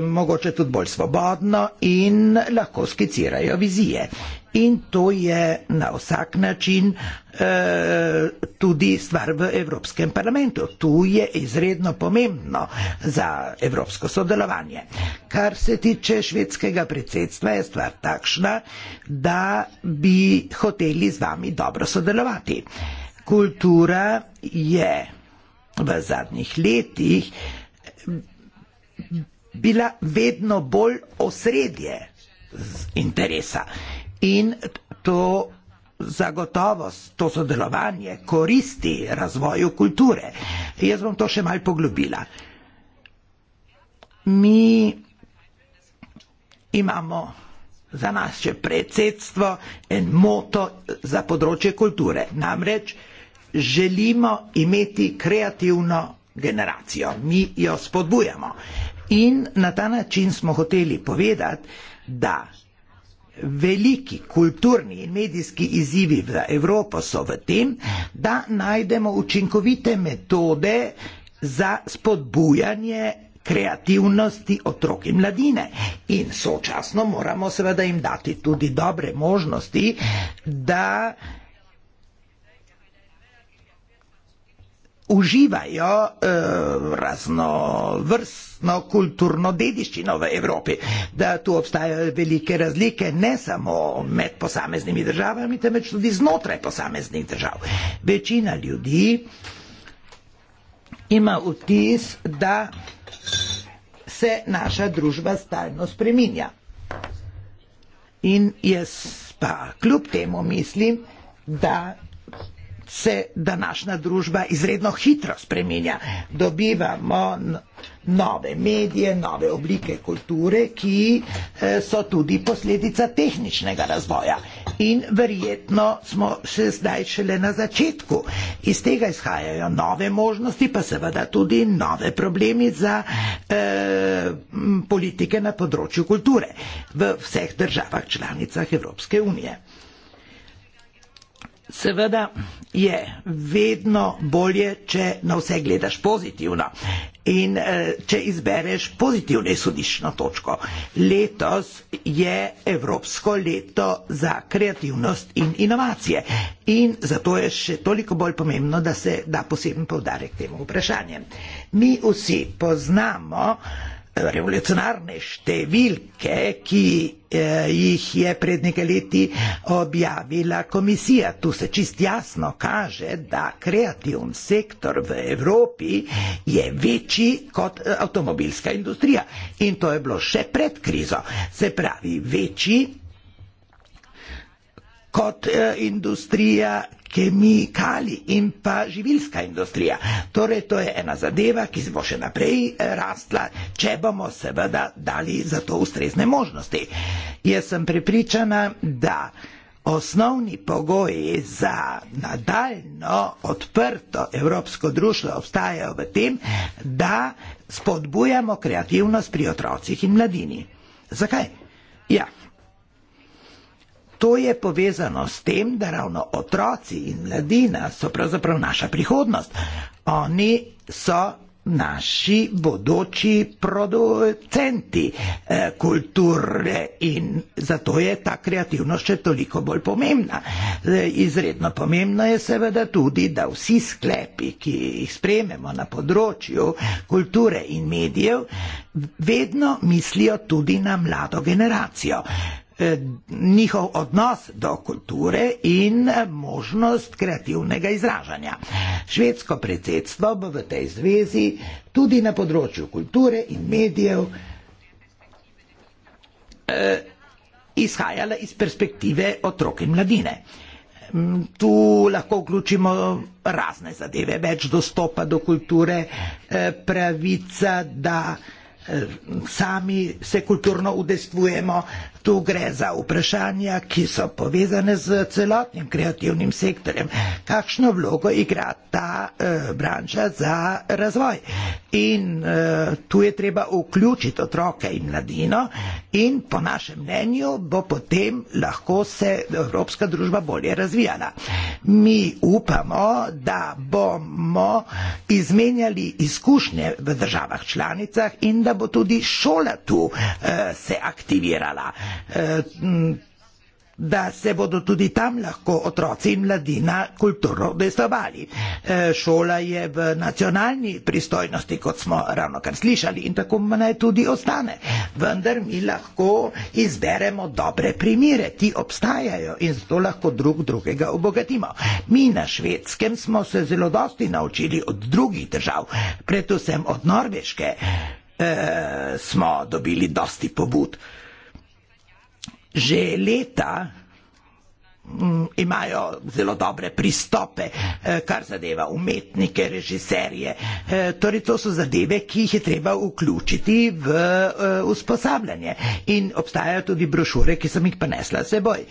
mogoče tudi bolj svobodno in lahko skicirajo vizije. In to je na vsak način e, tudi stvar v Evropskem parlamentu. Tu je izredno pomembno za evropsko sodelovanje. Kar se tiče švedskega predsedstva, je stvar takšna, da bi hoteli z vami dobro sodelovati. Kultura je v zadnjih letih bila vedno bolj osredje interesa. In to zagotovost, to sodelovanje koristi razvoju kulture. Jaz bom to še mal poglobila. Mi imamo za naše predsedstvo en moto za področje kulture. Namreč, želimo imeti kreativno generacijo, mi jo spodbujamo. In na ta način smo hoteli povedati, da veliki kulturni in medijski izzivi v Evropo so v tem, da najdemo učinkovite metode za spodbujanje kreativnosti otrok in mladine. In sočasno moramo seveda jim dati tudi dobre možnosti, da uživajo uh, raznovrstno kulturno dediščino v Evropi, da tu obstajajo velike razlike ne samo med posameznimi državami, temveč tudi znotraj posameznih držav. Večina ljudi ima vtis, da se naša družba stalno spreminja. In jaz pa kljub temu mislim, da se današnja družba izredno hitro spreminja. Dobivamo nove medije, nove oblike kulture, ki eh, so tudi posledica tehničnega razvoja. In verjetno smo še zdaj šele na začetku. Iz tega izhajajo nove možnosti, pa seveda tudi nove problemi za eh, politike na področju kulture v vseh državah članicah Evropske unije. Seveda je vedno bolje, če na vse gledaš pozitivno in eh, če izbereš pozitivno izhodiščno točko. Letos je Evropsko leto za kreativnost in inovacije in zato je še toliko bolj pomembno, da se da poseben povdarek temu vprašanju. Mi vsi poznamo Torej, revolucionarne številke, ki eh, jih je pred nekaj leti objavila komisija. Tu se čist jasno kaže, da kreativn sektor v Evropi je večji kot eh, avtomobilska industrija. In to je bilo še pred krizo. Se pravi, večji kot eh, industrija kemikali in pa živilska industrija. Torej, to je ena zadeva, ki bo še naprej eh, rastla, če bomo seveda dali za to ustrezne možnosti. Jaz sem pripričana, da osnovni pogoji za nadaljno odprto evropsko društvo obstajajo v tem, da spodbujamo kreativnost pri otrocih in mladini. Zakaj? Ja. To je povezano s tem, da ravno otroci in mladina so pravzaprav naša prihodnost. Oni so naši bodoči producenti eh, kulture in zato je ta kreativnost še toliko bolj pomembna. Eh, izredno pomembno je seveda tudi, da vsi sklepi, ki jih sprejmemo na področju kulture in medijev, vedno mislijo tudi na mlado generacijo. Eh, njihov odnos do kulture in eh, možnost kreativnega izražanja. Švedsko predsedstvo bo v tej zvezi tudi na področju kulture in medijev eh, izhajala iz perspektive otrok in mladine. Mm, tu lahko vključimo razne zadeve, več dostopa do kulture, pravica, da sami se kulturno udestvujemo, Tu gre za vprašanja, ki so povezane z celotnim kreativnim sektorjem. Kakšno vlogo igra ta eh, branža za razvoj? In eh, tu je treba vključiti otroke in mladino in po našem mnenju bo potem lahko se evropska družba bolje razvijala. Mi upamo, da bomo izmenjali izkušnje v državah članicah in da bo tudi šola tu eh, se aktivirala. Eh, da se bodo tudi tam lahko otroci in mladina kulturno udestovali. E, eh, šola je v nacionalni pristojnosti, kot smo ravno kar slišali, in tako naj tudi ostane. Vendar mi lahko izberemo dobre primire, ti obstajajo in zato lahko drug drugega obogatimo. Mi na švedskem smo se zelo dosti naučili od drugih držav, predvsem od norveške, e, smo dobili dosti pobud že leta mm, imajo zelo dobre pristope, eh, kar zadeva umetnike, režiserje. Eh, torej, to so zadeve, ki jih je treba vključiti v eh, usposabljanje. In obstajajo tudi brošure, ki sem jih prenesla seboj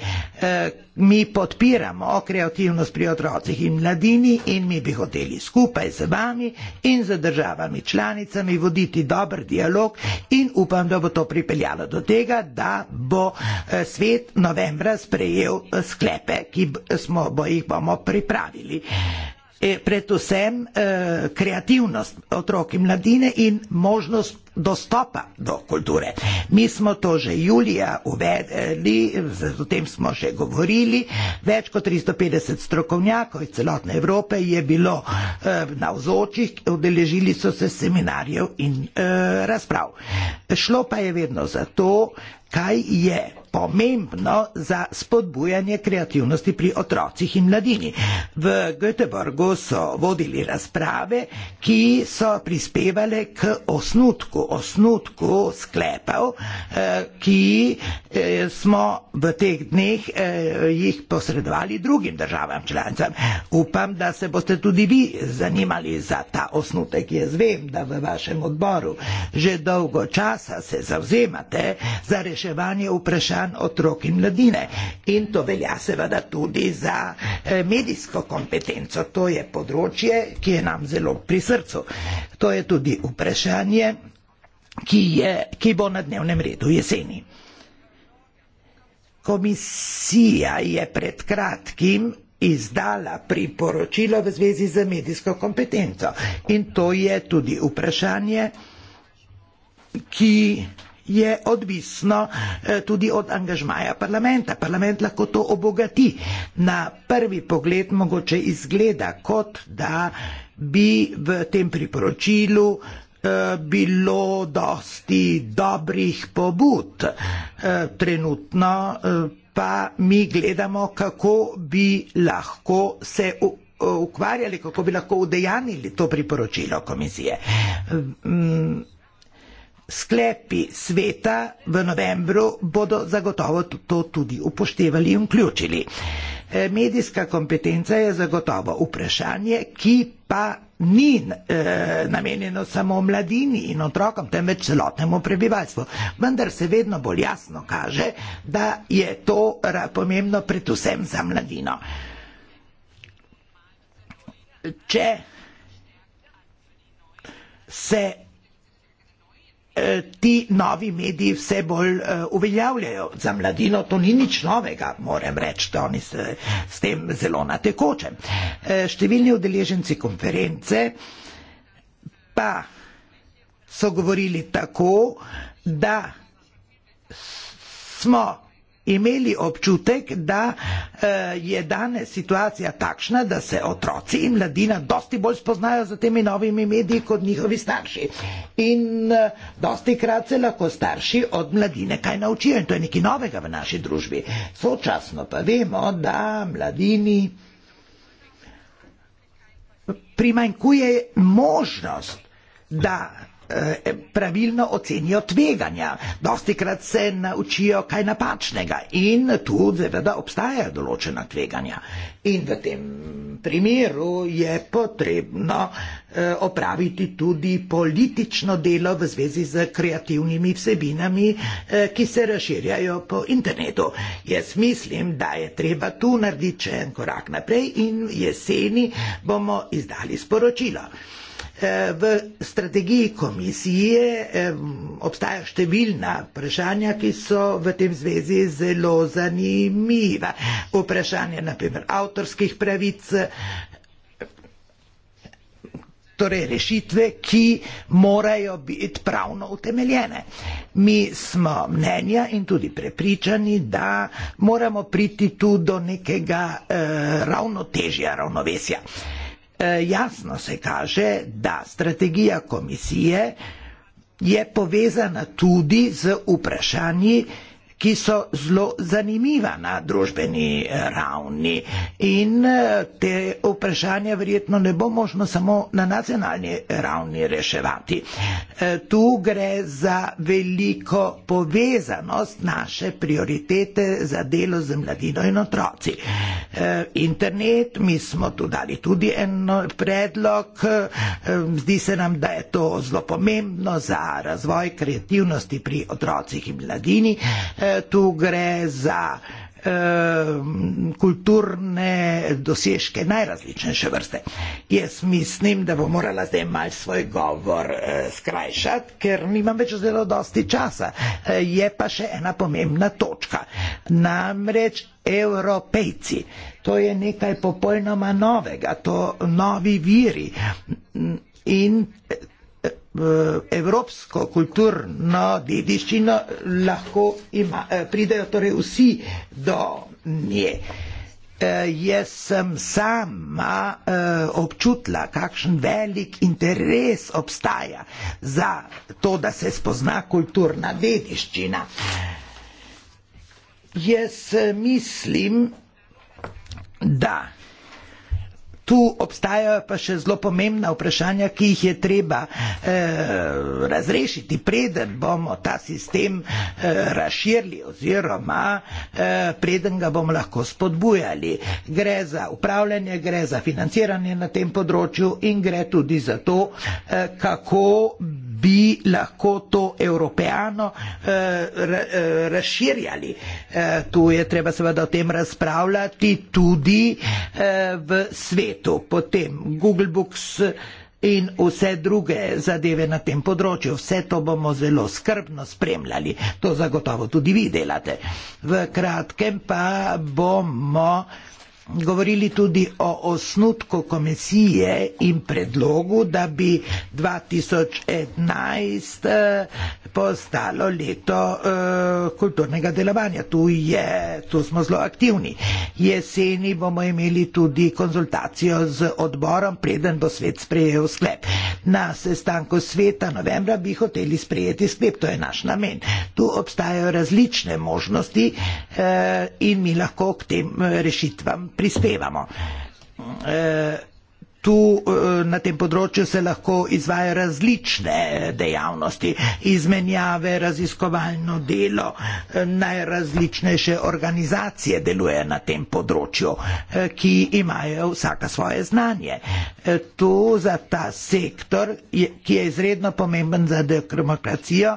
mi podpiramo kreativnost pri otrocih in mladini in mi bi hoteli skupaj z vami in z državami članicami voditi dober dialog in upam, da bo to pripeljalo do tega, da bo eh, svet novembra sprejel eh, sklepe, ki smo, bo jih bomo pripravili. E predvsem eh, kreativnost otrok in mladine in možnost dostopa do kulture. Mi smo to že julija uvedli, o tem smo že govorili, več kot 350 strokovnjakov iz celotne Evrope je bilo eh, na vzočih, udeležili so se seminarjev in eh, razprav. Šlo pa je vedno za to, kaj je pomembno za spodbujanje kreativnosti pri otrocih in mladini. V Göteborgu so vodili razprave, ki so prispevale k osnutku, osnutku sklepov, eh, ki eh, smo v teh dneh eh, jih posredovali drugim državam članicam. Upam, da se boste tudi vi zanimali za ta osnutek. Jaz vem, da v vašem odboru že dolgo časa se zavzemate za reševanje vprašanj dan otrok in mladine. In to velja seveda tudi za eh, medijsko kompetenco. To je področje, ki je nam zelo pri srcu. To je tudi vprašanje, ki, je, ki bo na dnevnem redu jeseni. Komisija je pred kratkim izdala priporočilo v zvezi z medijsko kompetenco. In to je tudi vprašanje, ki je odvisno eh, tudi od angažmaja parlamenta. Parlament lahko to obogati. Na prvi pogled mogoče izgleda, kot da bi v tem priporočilu eh, bilo dosti dobrih pobud. Eh, trenutno pa mi gledamo, kako bi lahko se ukvarjali, kako bi lahko udejanili to priporočilo komisije sklepi sveta v novembru bodo zagotovo to tudi upoštevali in vključili. E, medijska kompetenca je zagotovo vprašanje, ki pa ni e, namenjeno samo mladini in otrokom, temveč celotnemu prebivalstvu. Vendar se vedno bolj jasno kaže, da je to pomembno predvsem za mladino. Če se Eh, ti novi mediji vse bolj eh, uveljavljajo. Za mladino to ni nič novega, moram reči, da oni se s tem zelo natekoče. Eh, številni udeleženci konference pa so govorili tako, da smo imeli občutek, da uh, je danes situacija takšna, da se otroci in mladina dosti bolj spoznajo za temi novimi mediji kot njihovi starši. In uh, eh, dosti krat se lahko starši od mladine kaj naučijo in to je nekaj novega v naši družbi. Sočasno pa vemo, da mladini primanjkuje možnost, da Eh, pravilno ocenijo tveganja. Dosti krat se naučijo kaj napačnega in tu seveda obstajajo določena tveganja. In v tem primeru je potrebno eh, opraviti tudi politično delo v zvezi z kreativnimi vsebinami, eh, ki se razširjajo po internetu. Jaz mislim, da je treba tu narediti še en korak naprej in jeseni bomo izdali sporočilo. Eh, v strategiji komisije eh, obstajajo številna vprašanja, ki so v tem zvezi zelo zanimiva. Vprašanje naprimer avtorskih pravic, torej rešitve, ki morajo biti pravno utemeljene. Mi smo mnenja in tudi prepričani, da moramo priti tu do nekega eh, ravnotežja, ravnovesja. Eh, E, jasno se kaže, da strategija komisije je povezana tudi z vprašanji, ki so zelo zanimiva na družbeni eh, ravni. In eh, te vprašanja verjetno ne bo možno samo na nacionalni eh, ravni reševati. Tu gre za veliko povezanost naše prioritete za delo z mladino in otroci. Internet, mi smo tu dali tudi en predlog, zdi se nam, da je to zelo pomembno za razvoj kreativnosti pri otrocih in mladini. E, tu gre za kulturne dosežke najrazličnejše vrste. Jaz mislim, da bom morala zdaj mal svoj govor eh, skrajšati, ker nimam več zelo dosti časa. Eh, je pa še ena pomembna točka. Namreč evropejci, to je nekaj popolnoma novega, to novi viri. In eh, Eh, evropsko kulturno dediščino lahko ima, eh, pridejo torej vsi do nje. Eh, jaz sem sama občutila, kakšen velik interes obstaja za to, da se spozna kulturna dediščina. Jaz mislim, da Tu obstajajo pa še zelo pomembna vprašanja, ki jih je treba eh, razrešiti, preden bomo ta sistem eh, razširili oziroma eh, preden ga bomo lahko spodbujali. Gre za upravljanje, gre za financiranje na tem področju in gre tudi za to, eh, kako bi lahko to evropejano eh, eh razširjali. Eh, tu je treba seveda o tem razpravljati tudi eh, v svetu spletu, potem Google Books in vse druge zadeve na tem področju. Vse to bomo zelo skrbno spremljali. To zagotovo tudi vi delate. V kratkem pa bomo govorili tudi o osnutku komisije in predlogu, da bi 2011 eh, postalo leto eh, kulturnega delovanja. Tu, je, tu smo zelo aktivni. Jeseni bomo imeli tudi konzultacijo z odborom, preden bo svet sprejel sklep. Na sestanku sveta novembra bi hoteli sprejeti sklep, to je naš namen. Tu obstajajo različne možnosti eh, in mi lahko k tem rešitvam prispevamo. E, Tu eh, na tem področju se lahko izvaja različne dejavnosti, izmenjave, raziskovalno delo, eh, najrazličnejše organizacije deluje na tem področju, eh, ki imajo vsaka svoje znanje. Tu za ta sektor, ki je izredno pomemben za demokracijo,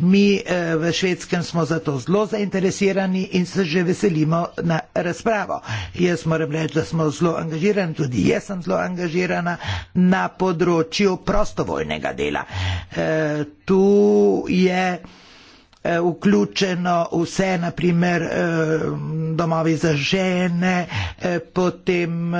mi v Švedskem smo zato zelo zainteresirani in se že veselimo na razpravo. Jaz moram reči, da smo zelo angažirani, tudi jaz sem zelo angažiran angažirana na področju prostovoljnega dela. E, tu je e, vključeno vse, naprimer e, domovi za žene, e, potem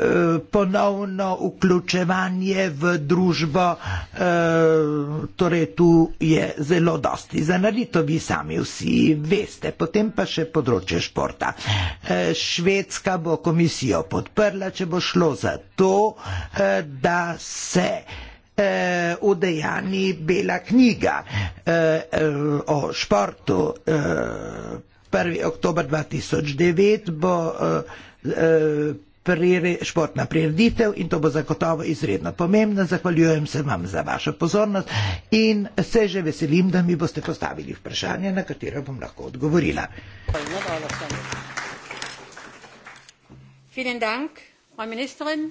Eh, ponovno vključevanje v družbo, eh, torej tu je zelo dosti za narito, vi sami vsi veste, potem pa še področje športa. Eh, Švedska bo komisijo podprla, če bo šlo za to, da se v dejani bela knjiga o športu 1. oktober 2009 bo prire, športna prireditev in to bo zagotovo izredno pomembno. Zahvaljujem se vam za vašo pozornost in se že veselim, da mi boste postavili vprašanje, na katero bom lahko odgovorila. Vielen Dank, Frau Ministerin.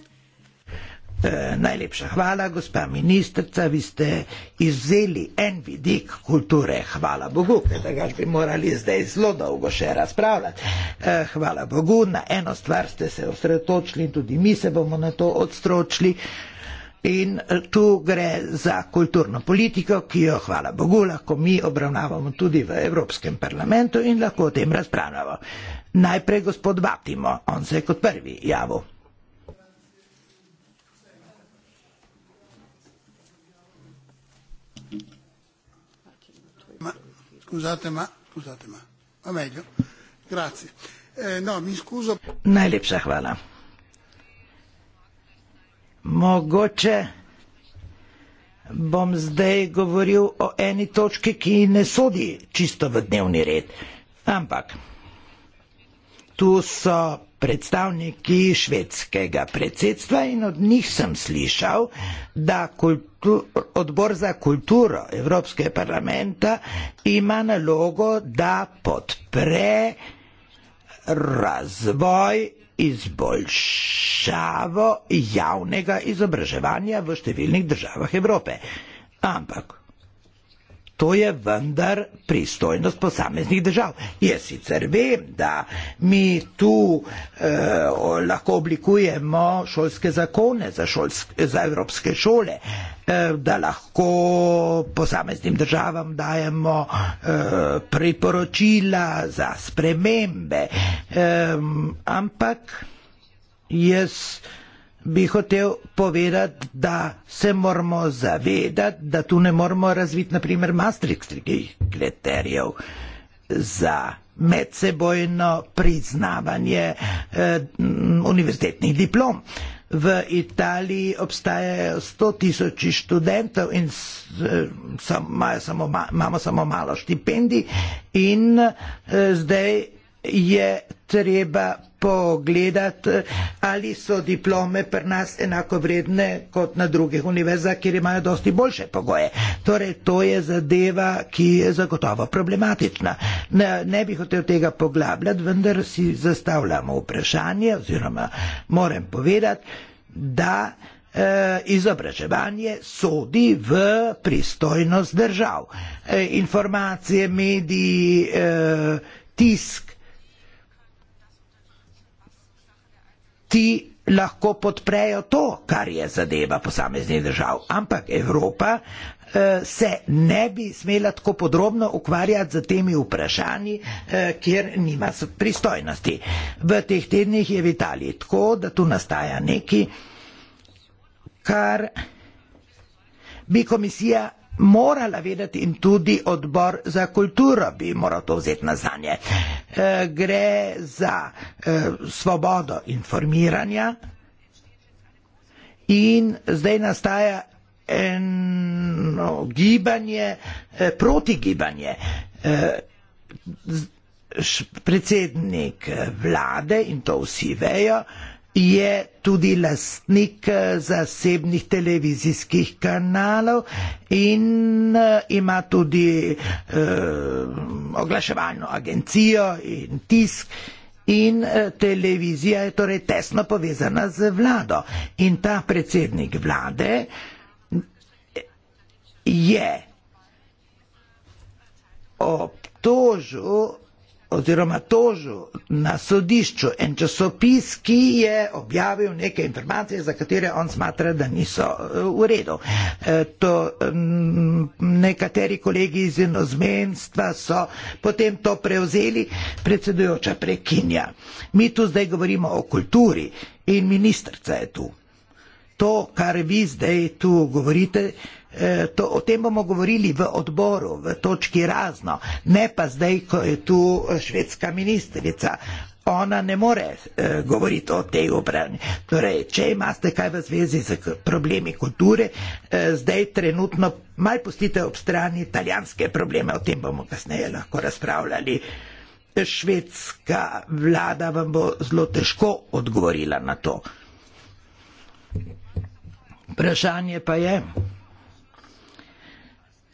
Eh, najlepša hvala, gospa ministrica, vi ste izzeli en vidik kulture. Hvala Bogu, da ga bi morali zdaj zelo dolgo še razpravljati. E, hvala Bogu, na eno stvar ste se osredotočili in tudi mi se bomo na to odstročili. In eh, tu gre za kulturno politiko, ki jo, hvala Bogu, lahko mi obravnavamo tudi v Evropskem parlamentu in lahko o tem razpravljamo. Najprej gospod Vatimo, on se je kot prvi javil. scusate ma, scusate ma, va meglio, grazie. Eh, no, mi scuso. Najlepša hvala. Mogoče bom zdaj govoril o eni točki, ki ne sodi čisto v dnevni red, ampak tu so predstavniki švedskega predsedstva in od njih sem slišal, da kultur, odbor za kulturo Evropske parlamenta ima nalogo, da podpre razvoj izboljšavo javnega izobraževanja v številnih državah Evrope. Ampak To je vendar pristojnost posameznih držav. Jaz sicer vem, da mi tu eh, lahko oblikujemo šolske zakone za, šolsk, za evropske šole, eh, da lahko posameznim državam dajemo eh, priporočila za spremembe. Eh, ampak jaz. Eh, bi hotel povedati, da se moramo zavedati, da tu ne moramo razviti, naprimer, mastrikskih kriterijev za medsebojno priznavanje eh, univerzitetnih diplom. V Italiji obstajajo 100 tisoč študentov in eh, sam, samo, imamo samo malo štipendij in eh, zdaj je treba pogledati, ali so diplome pri nas enako vredne kot na drugih univerzah, kjer imajo dosti boljše pogoje. Torej, to je zadeva, ki je zagotovo problematična. Ne, ne bi hotel tega poglabljati, vendar si zastavljamo vprašanje oziroma moram povedati, da E, izobraževanje sodi v pristojnost držav. E, informacije, mediji, e, tisk, ti lahko podprejo to, kar je zadeva posameznih držav. Ampak Evropa eh, se ne bi smela tako podrobno ukvarjati z temi vprašanji, eh, kjer nima pristojnosti. V teh tednih je v Italiji tako, da tu nastaja neki, kar bi komisija morala vedeti in tudi odbor za kulturo bi moral to vzeti na zanje. Eh, gre za eh, svobodo informiranja in zdaj nastaja eno gibanje, eh, protigibanje. Predsednik vlade in to vsi vejo, je tudi lastnik eh, zasebnih televizijskih kanalov in eh, ima tudi eh, oglaševalno agencijo in tisk. In eh, televizija je torej tesno povezana z vlado. In ta predsednik vlade je obtožil oziroma tožil na sodišču en časopis, ki je objavil neke informacije, za katere on smatra, da niso eh, v redu. Eh, to, mm, nekateri kolegi iz inozmenstva so potem to prevzeli, predsedujoča prekinja. Mi tu zdaj govorimo o kulturi in ministrca je tu. To, kar vi zdaj tu govorite, Eh, to, o tem bomo govorili v odboru, v točki razno, ne pa zdaj, ko je tu eh, švedska ministrica. Ona ne more eh, govoriti o tej obrani. Torej, če imate kaj v zvezi z problemi kulture, eh, zdaj trenutno mal pustite ob strani italijanske probleme, o tem bomo kasneje lahko razpravljali. Švedska vlada vam bo zelo težko odgovorila na to. Vprašanje pa je.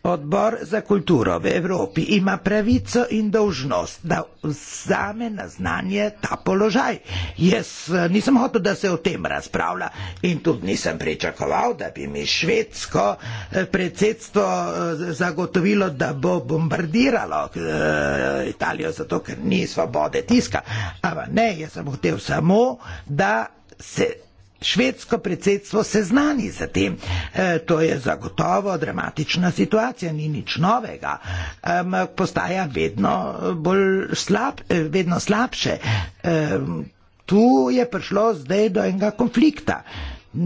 Odbor za kulturo v Evropi ima pravico in dožnost, da vzame na znanje ta položaj. Jaz eh, nisem hotel, da se o tem razpravlja in tudi nisem pričakoval, da bi mi švedsko eh, predsedstvo eh, zagotovilo, da bo bombardiralo Italijo, zato ker ni svobode tiska. Ampak ne, jaz sem hotel samo, da se Švedsko predsedstvo se znani za tem. E, to je zagotovo dramatična situacija, ni nič novega. E, postaja vedno, e, slab, e, vedno slabše. E, tu je prišlo zdaj do enega konflikta,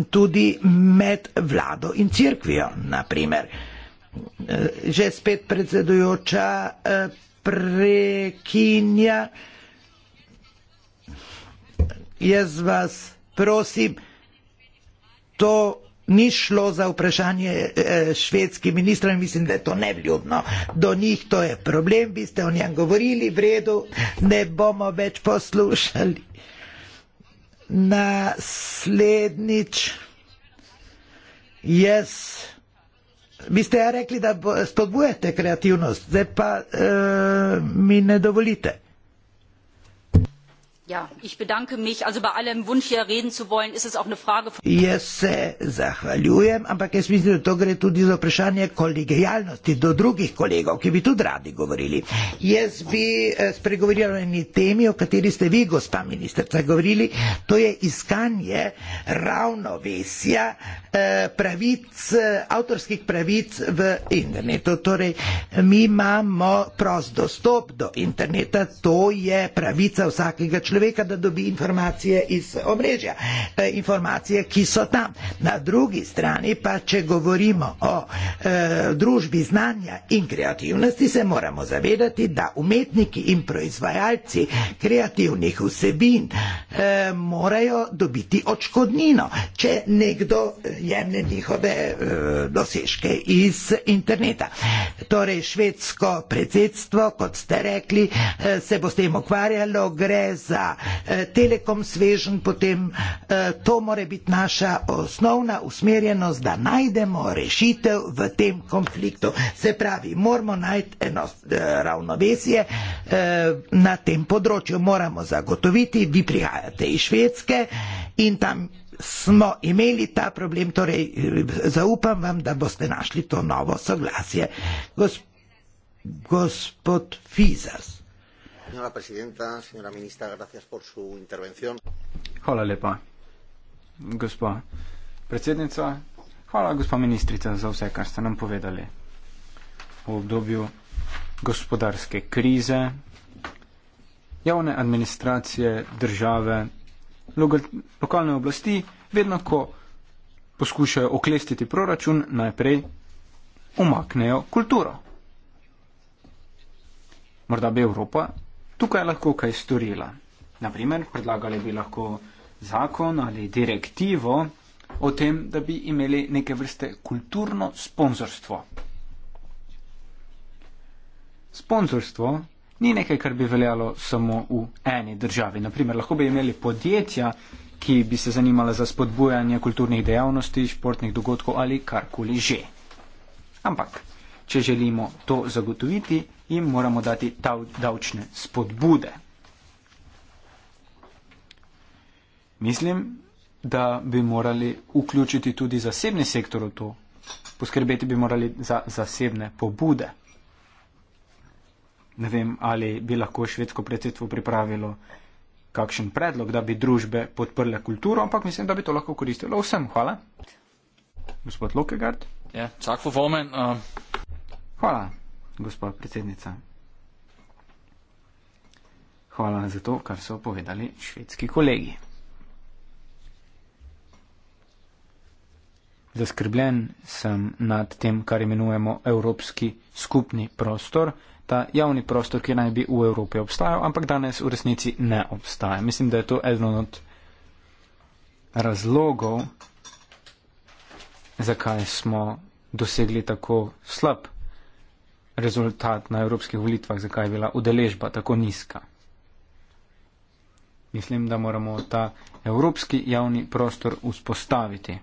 tudi med vlado in crkvijo, naprimer. E, že spet predsedujoča e, prekinja. Jaz vas prosim, to ni šlo za vprašanje eh, švedskim ministrom, mislim, da je to nevljudno. Do njih to je problem, vi ste o njem govorili, v redu, ne bomo več poslušali. Naslednjič, jaz, vi ste ja rekli, da spodbujate kreativnost, zdaj pa uh, mi ne dovolite. Ja, ich bedanke mich. Also bei allem Wunsch, hier reden zu wollen, ist es auch eine Frage von... Jaz se zahvaljujem, ampak jaz mislim, da to gre tudi za vprašanje kolegijalnosti do drugih kolegov, ki bi tudi radi govorili. Jaz bi eh, spregovorila o eni temi, o kateri ste vi, gospa ministrica, govorili, to je iskanje ravnovesja eh, pravic, avtorskih pravic v internetu. Torej, mi imamo prost dostop do interneta, to je pravica vsakega človeka človeka, da dobi informacije iz omrežja, e, informacije, ki so tam. Na drugi strani pa, če govorimo o e, družbi znanja in kreativnosti, se moramo zavedati, da umetniki in proizvajalci kreativnih vsebin e, morajo dobiti očkodnino, če nekdo jemne njihove e, dosežke iz interneta. Torej, švedsko predsedstvo, kot ste rekli, e, se bo s tem ukvarjalo, gre za Eh, Telekom svežen, potem eh, to more biti naša osnovna usmerjenost, da najdemo rešitev v tem konfliktu. Se pravi, moramo najti eno eh, ravnovesje na tem področju, moramo zagotoviti, vi prihajate iz Švedske in tam smo imeli ta problem, torej zaupam vam, da boste našli to novo soglasje. Gosp gospod Fizas. Señora presidenta, señora ministra, gracias por su intervención. Hvala lepa, gospa predsednica. Hvala, gospa ministrica, za vse, kar ste nam povedali. V obdobju gospodarske krize, javne administracije, države, lokalne oblasti, vedno, ko poskušajo oklestiti proračun, najprej umaknejo kulturo. Morda bi Evropa tukaj lahko kaj storila. Naprimer, predlagali bi lahko zakon ali direktivo o tem, da bi imeli neke vrste kulturno sponzorstvo. Sponzorstvo ni nekaj, kar bi veljalo samo v eni državi. Naprimer, lahko bi imeli podjetja, ki bi se zanimala za spodbujanje kulturnih dejavnosti, športnih dogodkov ali karkoli že. Ampak če želimo to zagotoviti, jim moramo dati davčne spodbude. Mislim, da bi morali vključiti tudi zasebni sektor v to. Poskrbeti bi morali za zasebne pobude. Ne vem, ali bi lahko švedsko predsedstvo pripravilo kakšen predlog, da bi družbe podprle kulturo, ampak mislim, da bi to lahko koristilo vsem. Hvala. Gospod Lokegard. Ja, tak for formand. Uh... Hvala, gospod predsednica. Hvala za to, kar so povedali švedski kolegi. Zaskrbljen sem nad tem, kar imenujemo Evropski skupni prostor, ta javni prostor, ki naj bi v Evropi obstajal, ampak danes v resnici ne obstaja. Mislim, da je to eden od razlogov, zakaj smo dosegli tako slab rezultat na evropskih volitvah, zakaj je bila udeležba tako nizka. Mislim, da moramo ta evropski javni prostor vzpostaviti.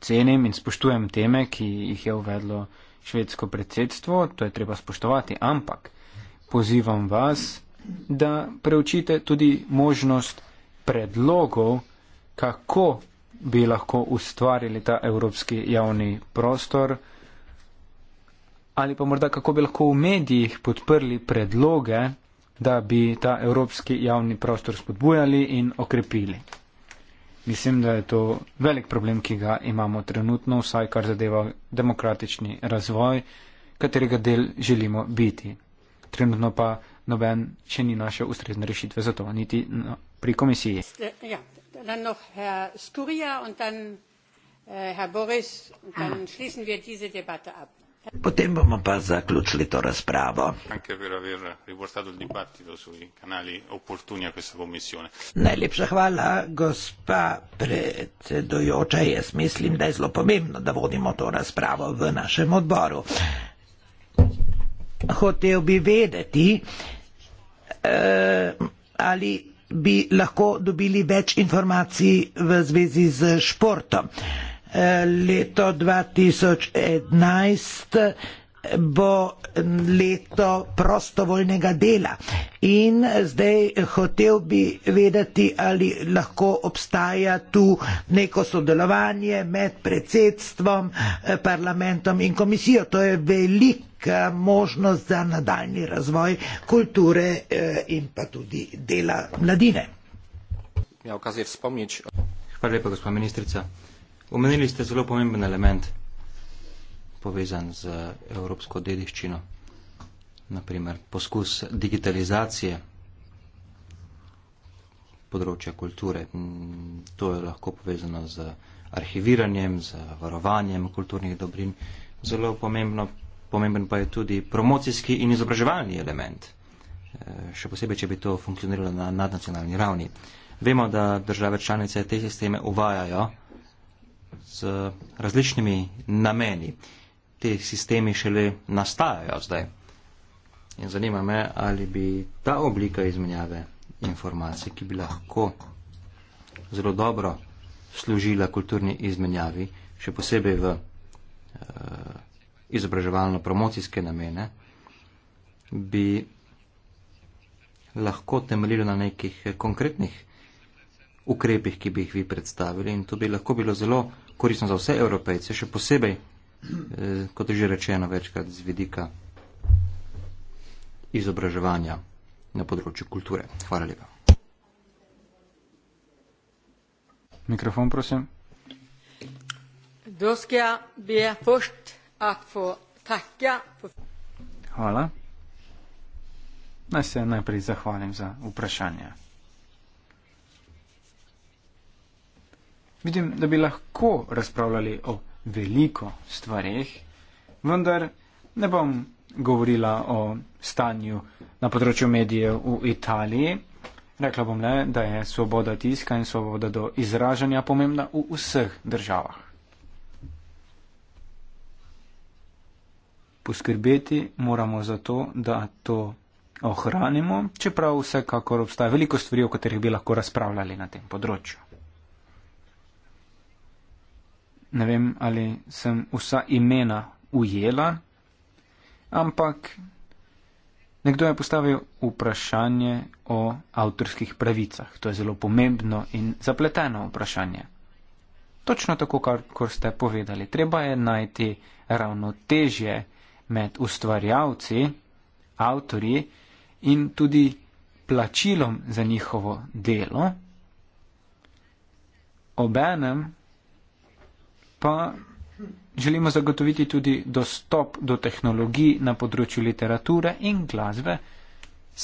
Cenim in spoštujem teme, ki jih je uvedlo švedsko predsedstvo, to je treba spoštovati, ampak pozivam vas, da preučite tudi možnost predlogov, kako bi lahko ustvarili ta evropski javni prostor ali pa morda kako bi lahko v medijih podprli predloge, da bi ta evropski javni prostor spodbujali in okrepili. Mislim, da je to velik problem, ki ga imamo trenutno, vsaj kar zadeva demokratični razvoj, katerega del želimo biti. Trenutno pa noben še ni naše ustrezne rešitve za to, niti no, pri komisiji. Ja, Potem bomo pa zaključili to razpravo. Najlepša hvala, gospa predsedujoča. Jaz mislim, da je zelo pomembno, da vodimo to razpravo v našem odboru. Hotev bi vedeti, eh, ali bi lahko dobili več informacij v zvezi z športom. Eh, leto 2011 bo leto prostovoljnega dela. In zdaj hotel bi vedeti, ali lahko obstaja tu neko sodelovanje med predsedstvom, parlamentom in komisijo. To je velika možnost za nadaljni razvoj kulture eh, in pa tudi dela mladine. Hvala lepa, gospod ministrica. Omenili ste zelo pomemben element, povezan z evropsko dediščino, naprimer poskus digitalizacije področja kulture. To je lahko povezano z arhiviranjem, z varovanjem kulturnih dobrin. Zelo pomembno, pomemben pa je tudi promocijski in izobraževalni element, eh, še posebej, če bi to funkcioniralo na nadnacionalni ravni. Vemo, da države članice te sisteme uvajajo, z različnimi nameni. Te sistemi šele nastajajo zdaj. In zanima me, ali bi ta oblika izmenjave informacij, ki bi lahko zelo dobro služila kulturni izmenjavi, še posebej v eh, izobraževalno-promocijske namene, bi lahko temeljilo na nekih konkretnih ukrepih, ki bi jih vi predstavili in to bi lahko bilo zelo koristno za vse evropejce, še posebej, eh, kot je že rečeno večkrat, z vidika izobraževanja na področju kulture. Hvala lepa. Mikrofon, prosim. Hvala. Naj se najprej zahvalim za vprašanje. Vidim, da bi lahko razpravljali o veliko stvareh, vendar ne bom govorila o stanju na področju medijev v Italiji. Rekla bom le, da je svoboda tiska in svoboda do izražanja pomembna v vseh državah. Poskrbeti moramo za to, da to ohranimo, čeprav vsekakor obstaja veliko stvari, o katerih bi lahko razpravljali na tem področju ne vem, ali sem vsa imena ujela, ampak nekdo je postavil vprašanje o avtorskih pravicah. To je zelo pomembno in zapleteno vprašanje. Točno tako, kot ste povedali, treba je najti ravnotežje med ustvarjavci, avtorji in tudi plačilom za njihovo delo. Obenem pa želimo zagotoviti tudi dostop do tehnologij na področju literature in glasbe,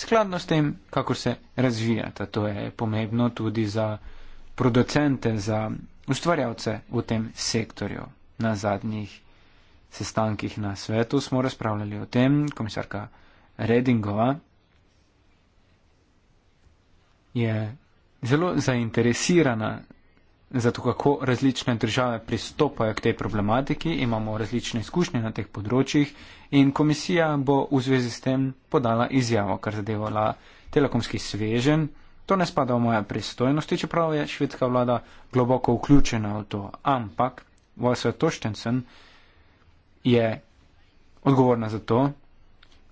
skladno s tem, kako se razvijata. To je pomembno tudi za producente, za ustvarjalce v tem sektorju. Na zadnjih sestankih na svetu smo razpravljali o tem, komisarka Redingova je zelo zainteresirana zato kako različne države pristopajo k tej problematiki, imamo različne izkušnje na teh področjih in komisija bo v zvezi s tem podala izjavo, kar zadevala telekomski svežen. To ne spada v moje pristojnosti, čeprav je švedska vlada globoko vključena v to, ampak Walser Toštensen je odgovorna za to,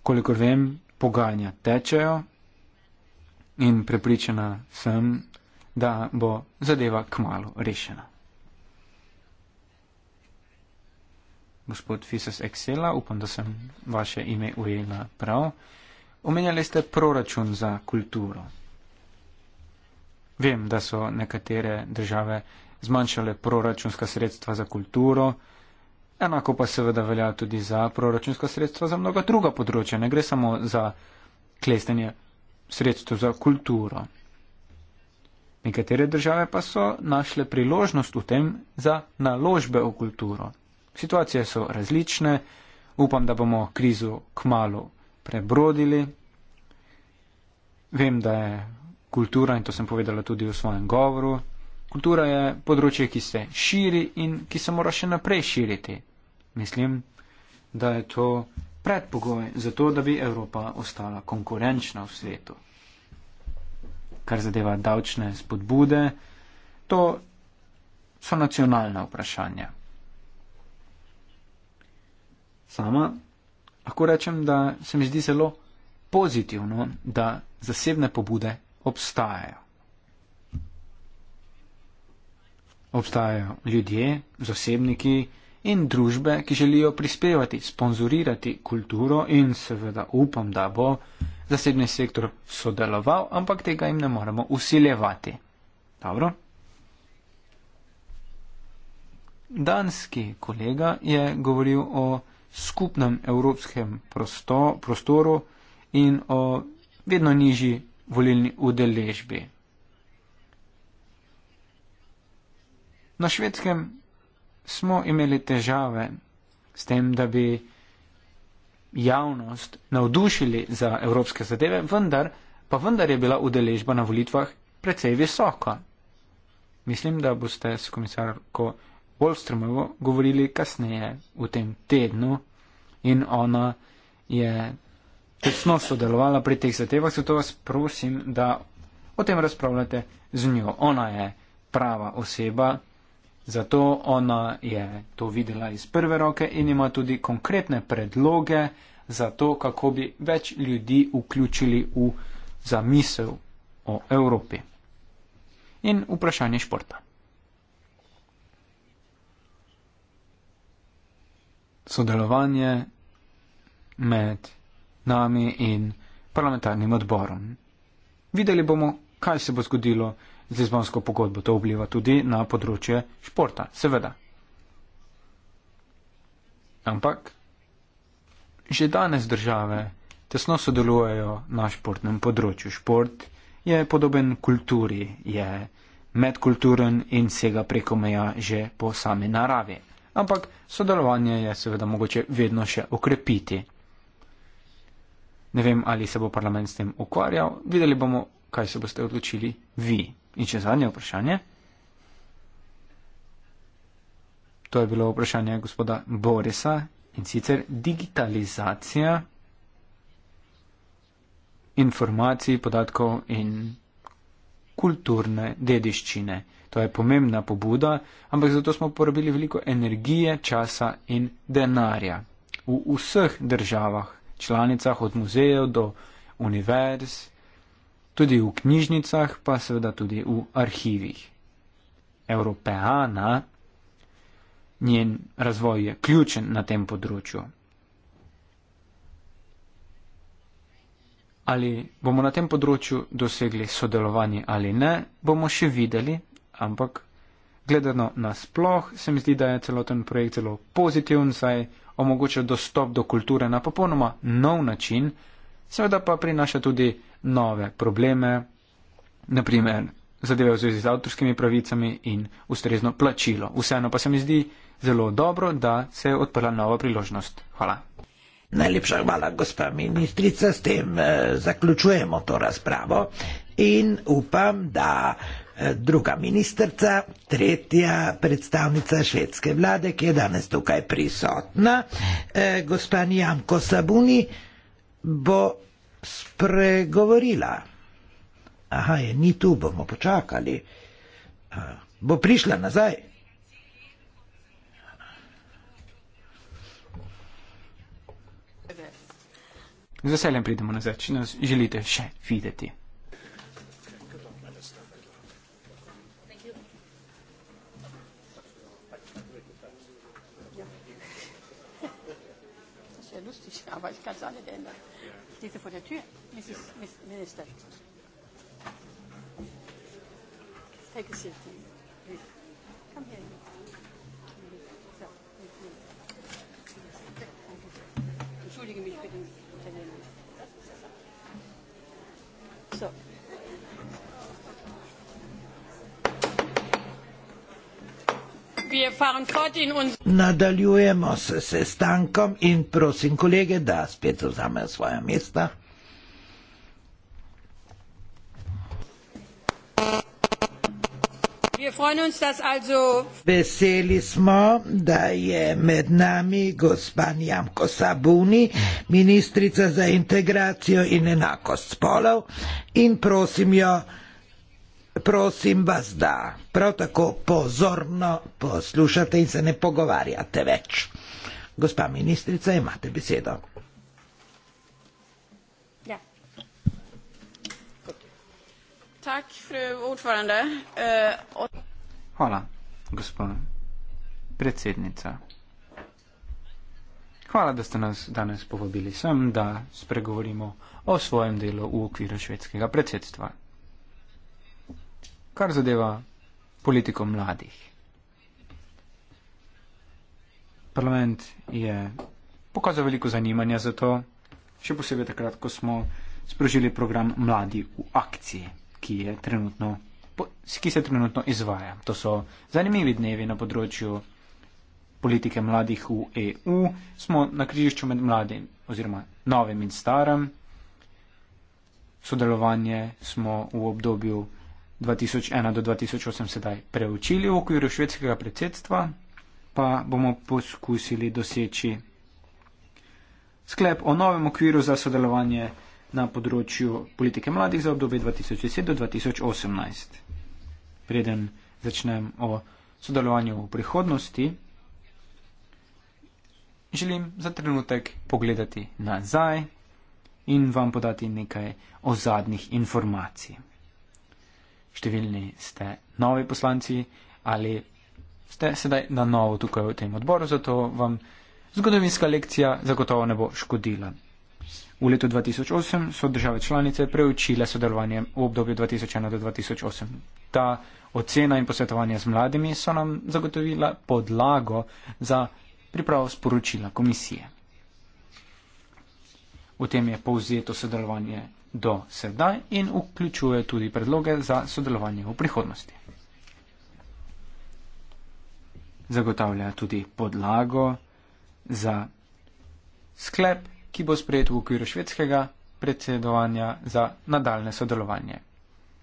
kolikor vem, pogajanja tečejo in prepričana sem, da bo zadeva kmalo rešena. Gospod Fises Excela, upam, da sem vaše ime ujela prav. Omenjali ste proračun za kulturo. Vem, da so nekatere države zmanjšale proračunska sredstva za kulturo, enako pa seveda velja tudi za proračunska sredstva za mnoga druga področja, ne gre samo za klestenje sredstva za kulturo. Nekatere države pa so našle priložnost v tem za naložbe v kulturo. Situacije so različne, upam, da bomo krizo kmalo prebrodili. Vem, da je kultura, in to sem povedala tudi v svojem govoru, kultura je področje, ki se širi in ki se mora še naprej širiti. Mislim, da je to predpogoj za to, da bi Evropa ostala konkurenčna v svetu kar zadeva davčne spodbude, to so nacionalna vprašanja. Sama lahko rečem, da se mi zdi zelo pozitivno, da zasebne pobude obstajajo. Obstajajo ljudje, zasebniki in družbe, ki želijo prispevati, sponzorirati kulturo in seveda upam, da bo zasebni sektor sodeloval, ampak tega jim ne moremo usiljevati. Dobro. Danski kolega je govoril o skupnem evropskem prostoru in o vedno nižji volilni udeležbi. Na švedskem smo imeli težave s tem, da bi javnost navdušili za evropske zadeve, vendar, pa vendar je bila udeležba na volitvah precej visoka. Mislim, da boste s komisarko Wolfstromovo govorili kasneje v tem tednu in ona je tesno sodelovala pri teh zadevah, zato vas prosim, da o tem razpravljate z njo. Ona je prava oseba, Zato ona je to videla iz prve roke in ima tudi konkretne predloge za to, kako bi več ljudi vključili v zamisel o Evropi. In vprašanje športa. Sodelovanje med nami in parlamentarnim odborom. Videli bomo, kaj se bo zgodilo z izbonsko pogodbo. To vpliva tudi na področje športa, seveda. Ampak že danes države tesno sodelujejo na športnem področju. Šport je podoben kulturi, je medkulturen in sega preko meja že po sami naravi. Ampak sodelovanje je seveda mogoče vedno še okrepiti. Ne vem, ali se bo parlament s tem ukvarjal, videli bomo, kaj se boste odločili vi. In še zadnje vprašanje. To je bilo vprašanje gospoda Borisa in sicer digitalizacija informacij, podatkov in kulturne dediščine. To je pomembna pobuda, ampak zato smo porabili veliko energije, časa in denarja. V vseh državah, članicah, od muzejev do univerz tudi v knjižnicah, pa seveda tudi v arhivih. Evropejana, njen razvoj je ključen na tem področju. Ali bomo na tem področju dosegli sodelovanje ali ne, bomo še videli, ampak gledano nasploh se mi zdi, da je celoten projekt zelo pozitiven, saj omogoča dostop do kulture na popolnoma nov način, seveda pa prinaša tudi nove probleme, naprimer zadeve v zvezi z avtorskimi pravicami in ustrezno plačilo. Vseeno pa se mi zdi zelo dobro, da se je odprla nova priložnost. Hvala. Najlepša hvala, gospa ministrica, s tem eh, zaključujemo to razpravo in upam, da eh, druga ministrica, tretja predstavnica švedske vlade, ki je danes tukaj prisotna, eh, gospa Janko Sabuni, bo spregovorila. Aha, je ni tu, bomo počakali. Bo prišla nazaj. Z veseljem pridemo nazaj, če nas želite še videti. Ja. Ja lustig, aber ich kann es auch nicht ändern sortir cette voiture, Monsieur le Ministre. Take a seat, please. Come here. Entschuldige mich bitte. So. Srbije, Frankfurt in Unzo. Nadaljujemo s sestankom in prosim kolege, da spet vzamejo svoje mesta. Veseli smo, da je med nami gospod Janko Sabuni, ministrica za integracijo in enakost spolov in prosim jo, Prosim vas, da prav tako pozorno poslušate in se ne pogovarjate več. Gospa ministrica, imate besedo. Ja. Tak, eh, Hvala, gospod predsednica. Hvala, da ste nas danes povabili sem, da spregovorimo o svojem delu v okviru švedskega predsedstva kar zadeva politiko mladih. Parlament je pokazal veliko zanimanja za to, še posebej takrat, ko smo sprožili program Mladi v akciji, ki, je trenutno, ki se trenutno izvaja. To so zanimivi dnevi na področju politike mladih v EU. Smo na križišču med mladim oziroma novim in starim. Sodelovanje smo v obdobju 2001 do 2008 sedaj preučili v okviru švedskega predsedstva, pa bomo poskusili doseči sklep o novem okviru za sodelovanje na področju politike mladih za obdobje 2010 do 2018. Preden začnem o sodelovanju v prihodnosti, želim za trenutek pogledati nazaj in vam podati nekaj o zadnjih informacijah številni ste novi poslanci ali ste sedaj na novo tukaj v tem odboru, zato vam zgodovinska lekcija zagotovo ne bo škodila. V letu 2008 so države članice preučile sodelovanje v obdobju 2001 do 2008. Ta ocena in posvetovanje z mladimi so nam zagotovila podlago za pripravo sporočila komisije. V tem je povzeto sodelovanje do sedaj in vključuje tudi predloge za sodelovanje v prihodnosti. Zagotavlja tudi podlago za sklep, ki bo sprejet v okviru švedskega predsedovanja za nadaljne sodelovanje.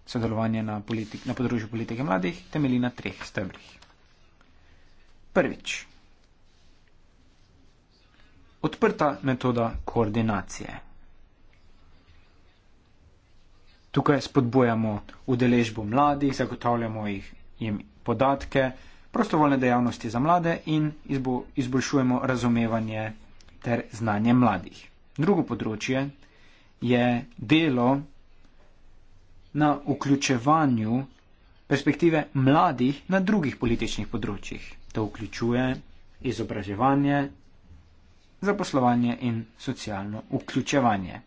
Sodelovanje na, politik, na področju politike mladih temeli na treh stebrih. Prvič. Odprta metoda koordinacije. Tukaj spodbujamo udeležbo mladih, zagotavljamo jim podatke, prostovoljne dejavnosti za mlade in izboljšujemo razumevanje ter znanje mladih. Drugo področje je delo na vključevanju perspektive mladih na drugih političnih področjih. To vključuje izobraževanje, zaposlovanje in socialno vključevanje.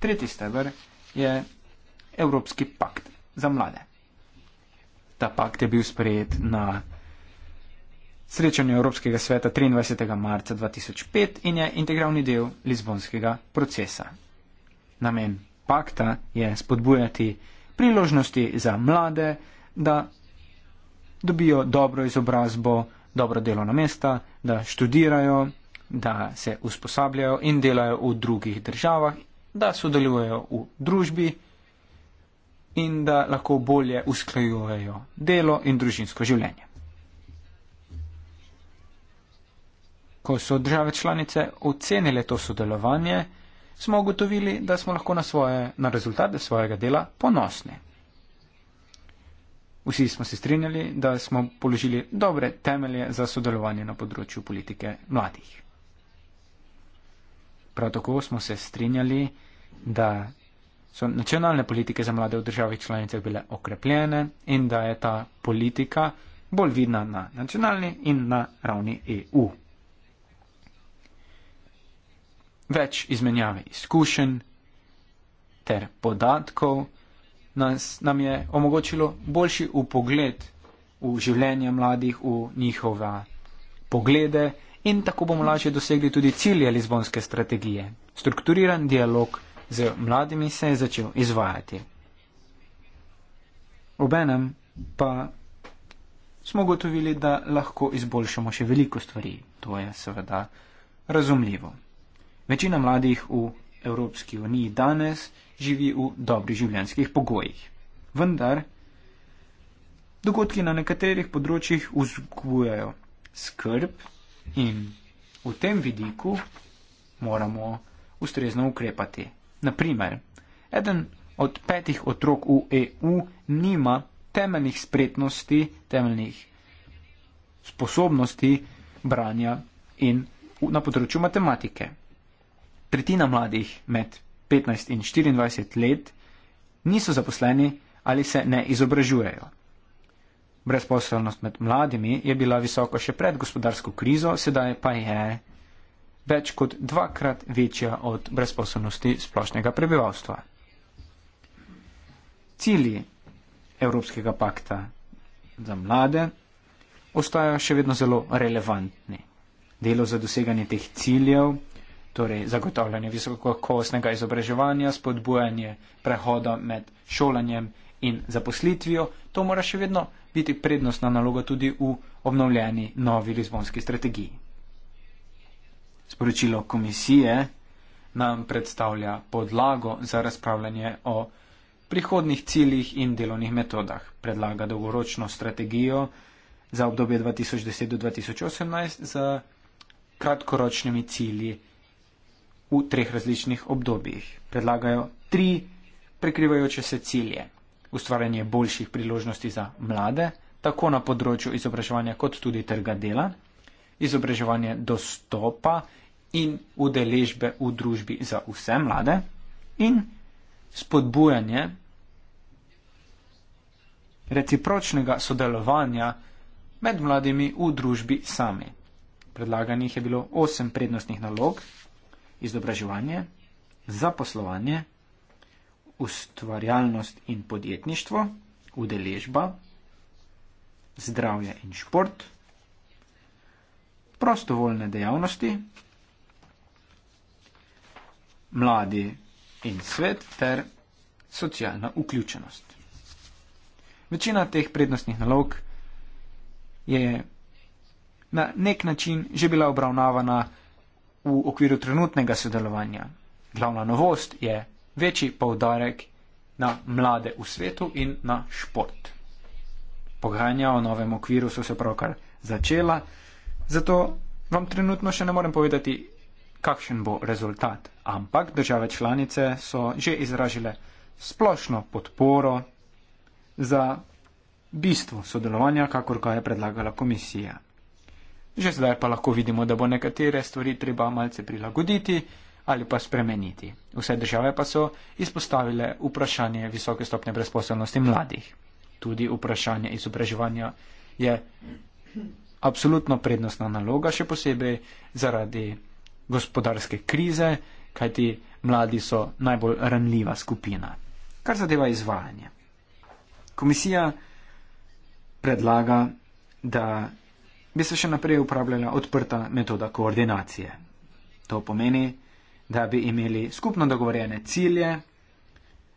Tretji stebr je Evropski pakt za mlade. Ta pakt je bil sprejet na srečanju Evropskega sveta 23. marca 2005 in je integralni del Lizbonskega procesa. Namen pakta je spodbujati priložnosti za mlade, da dobijo dobro izobrazbo, dobro delovna mesta, da študirajo, da se usposabljajo in delajo v drugih državah, da sodelujejo v družbi in da lahko bolje usklajujejo delo in družinsko življenje. Ko so države članice ocenile to sodelovanje, smo ugotovili, da smo lahko na, svoje, na rezultate svojega dela ponosni. Vsi smo se strinjali, da smo položili dobre temelje za sodelovanje na področju politike mladih. Prav tako smo se strinjali, da so nacionalne politike za mlade v državih članicah bile okrepljene in da je ta politika bolj vidna na nacionalni in na ravni EU. Več izmenjave izkušenj ter podatkov nas, nam je omogočilo boljši upogled v življenje mladih, v njihova poglede in tako bomo lažje dosegli tudi cilje Lizbonske strategije. Strukturiran dialog z mladimi se je začel izvajati. Obenem pa smo gotovili, da lahko izboljšamo še veliko stvari. To je seveda razumljivo. Večina mladih v Evropski uniji danes živi v dobri življenjskih pogojih. Vendar dogodki na nekaterih področjih vzgujajo skrb in v tem vidiku moramo ustrezno ukrepati. Naprimer, eden od petih otrok v EU nima temeljnih spretnosti, temeljnih sposobnosti branja in na področju matematike. Tretjina mladih med 15 in 24 let niso zaposleni ali se ne izobražujejo. Brezposelnost med mladimi je bila visoka še pred gospodarsko krizo, sedaj pa je več kot dvakrat večja od brezposobnosti splošnega prebivalstva. Cilji Evropskega pakta za mlade ostajajo še vedno zelo relevantni. Delo za doseganje teh ciljev, torej zagotavljanje visokokosnega izobraževanja, spodbujanje prehoda med šolanjem in zaposlitvijo, to mora še vedno biti prednostna naloga tudi v obnovljeni novi lizbonski strategiji. Sporočilo komisije nam predstavlja podlago za razpravljanje o prihodnih ciljih in delovnih metodah. Predlaga dolgoročno strategijo za obdobje 2010 do 2018 za kratkoročnimi cilji v treh različnih obdobjih. Predlagajo tri prekrivajoče se cilje. Ustvarjanje boljših priložnosti za mlade, tako na področju izobraževanja kot tudi trga dela izobraževanje dostopa in udeležbe v družbi za vse mlade in spodbujanje recipročnega sodelovanja med mladimi v družbi sami. Predlaganih je bilo osem prednostnih nalog, izobraževanje, zaposlovanje, ustvarjalnost in podjetništvo, udeležba, zdravje in šport prostovoljne dejavnosti, mladi in svet ter socialna vključenost. Večina teh prednostnih nalog je na nek način že bila obravnavana v okviru trenutnega sodelovanja. Glavna novost je večji povdarek na mlade v svetu in na šport. Pogajanja o novem okviru so se pravkar začela. Zato vam trenutno še ne morem povedati, kakšen bo rezultat. Ampak države članice so že izražile splošno podporo za bistvo sodelovanja, kakor ga je predlagala komisija. Že zdaj pa lahko vidimo, da bo nekatere stvari treba malce prilagoditi ali pa spremeniti. Vse države pa so izpostavile vprašanje visoke stopne brezposobnosti mladih. Tudi vprašanje izobraževanja je absolutno prednostna naloga, še posebej zaradi gospodarske krize, kajti mladi so najbolj ranljiva skupina. Kar zadeva izvajanje. Komisija predlaga, da bi se še naprej upravljala odprta metoda koordinacije. To pomeni, da bi imeli skupno dogovorjene cilje,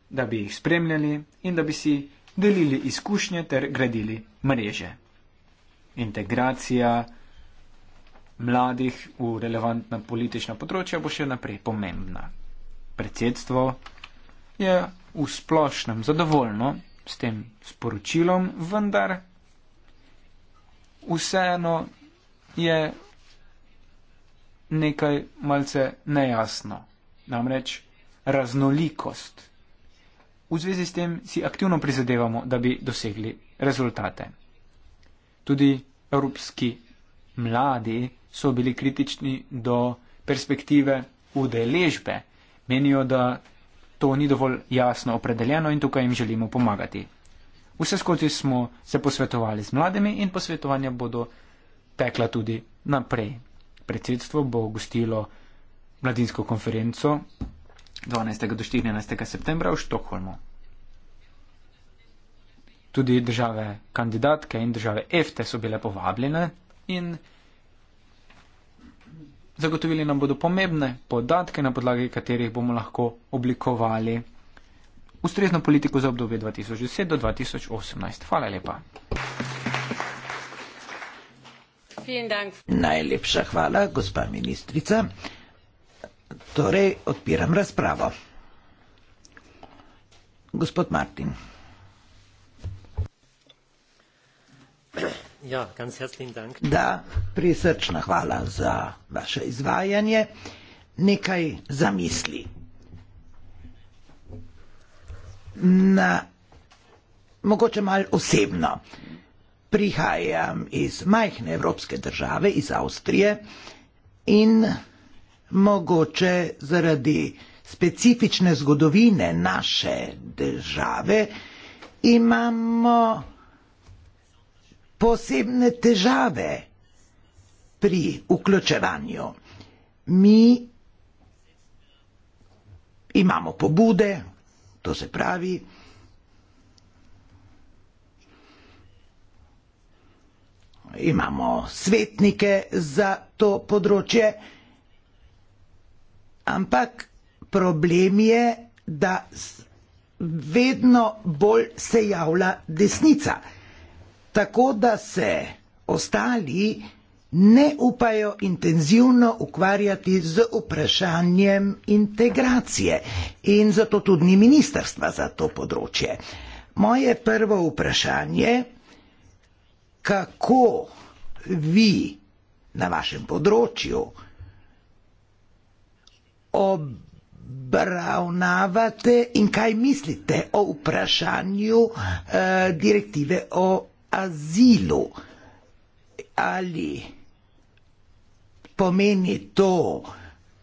da bi jih spremljali in da bi si delili izkušnje ter gradili mreže integracija mladih v relevantna politična področja bo še naprej pomembna. Predsedstvo je v splošnem zadovoljno s tem sporočilom, vendar vseeno je nekaj malce nejasno, namreč raznolikost. V zvezi s tem si aktivno prizadevamo, da bi dosegli rezultate. Tudi evropski mladi so bili kritični do perspektive udeležbe. Menijo, da to ni dovolj jasno opredeljeno in tukaj jim želimo pomagati. Vse skozi smo se posvetovali z mladimi in posvetovanja bodo tekla tudi naprej. Predsedstvo bo gostilo mladinsko konferenco 12. do 14. septembra v Štokholmu tudi države kandidatke in države EFTE so bile povabljene in zagotovili nam bodo pomembne podatke, na podlagi katerih bomo lahko oblikovali ustrezno politiko za obdobje 2010 do 2018. Hvala lepa. Najlepša hvala, gospa ministrica. Torej, odpiram razpravo. Gospod Martin. Ja, ganz herzlichen Dank. Da, prisrčna hvala za vaše izvajanje. Nekaj zamisli. Na, mogoče malo osebno. Prihajam iz majhne evropske države, iz Avstrije in mogoče zaradi specifične zgodovine naše države imamo posebne težave pri vključevanju. Mi imamo pobude, to se pravi, imamo svetnike za to področje, ampak problem je, da vedno bolj se javlja desnica tako da se ostali ne upajo intenzivno ukvarjati z vprašanjem integracije in zato tudi ni ministerstva za to področje. Moje prvo vprašanje, kako vi na vašem področju obravnavate in kaj mislite o vprašanju eh, direktive o azilu. Ali pomeni to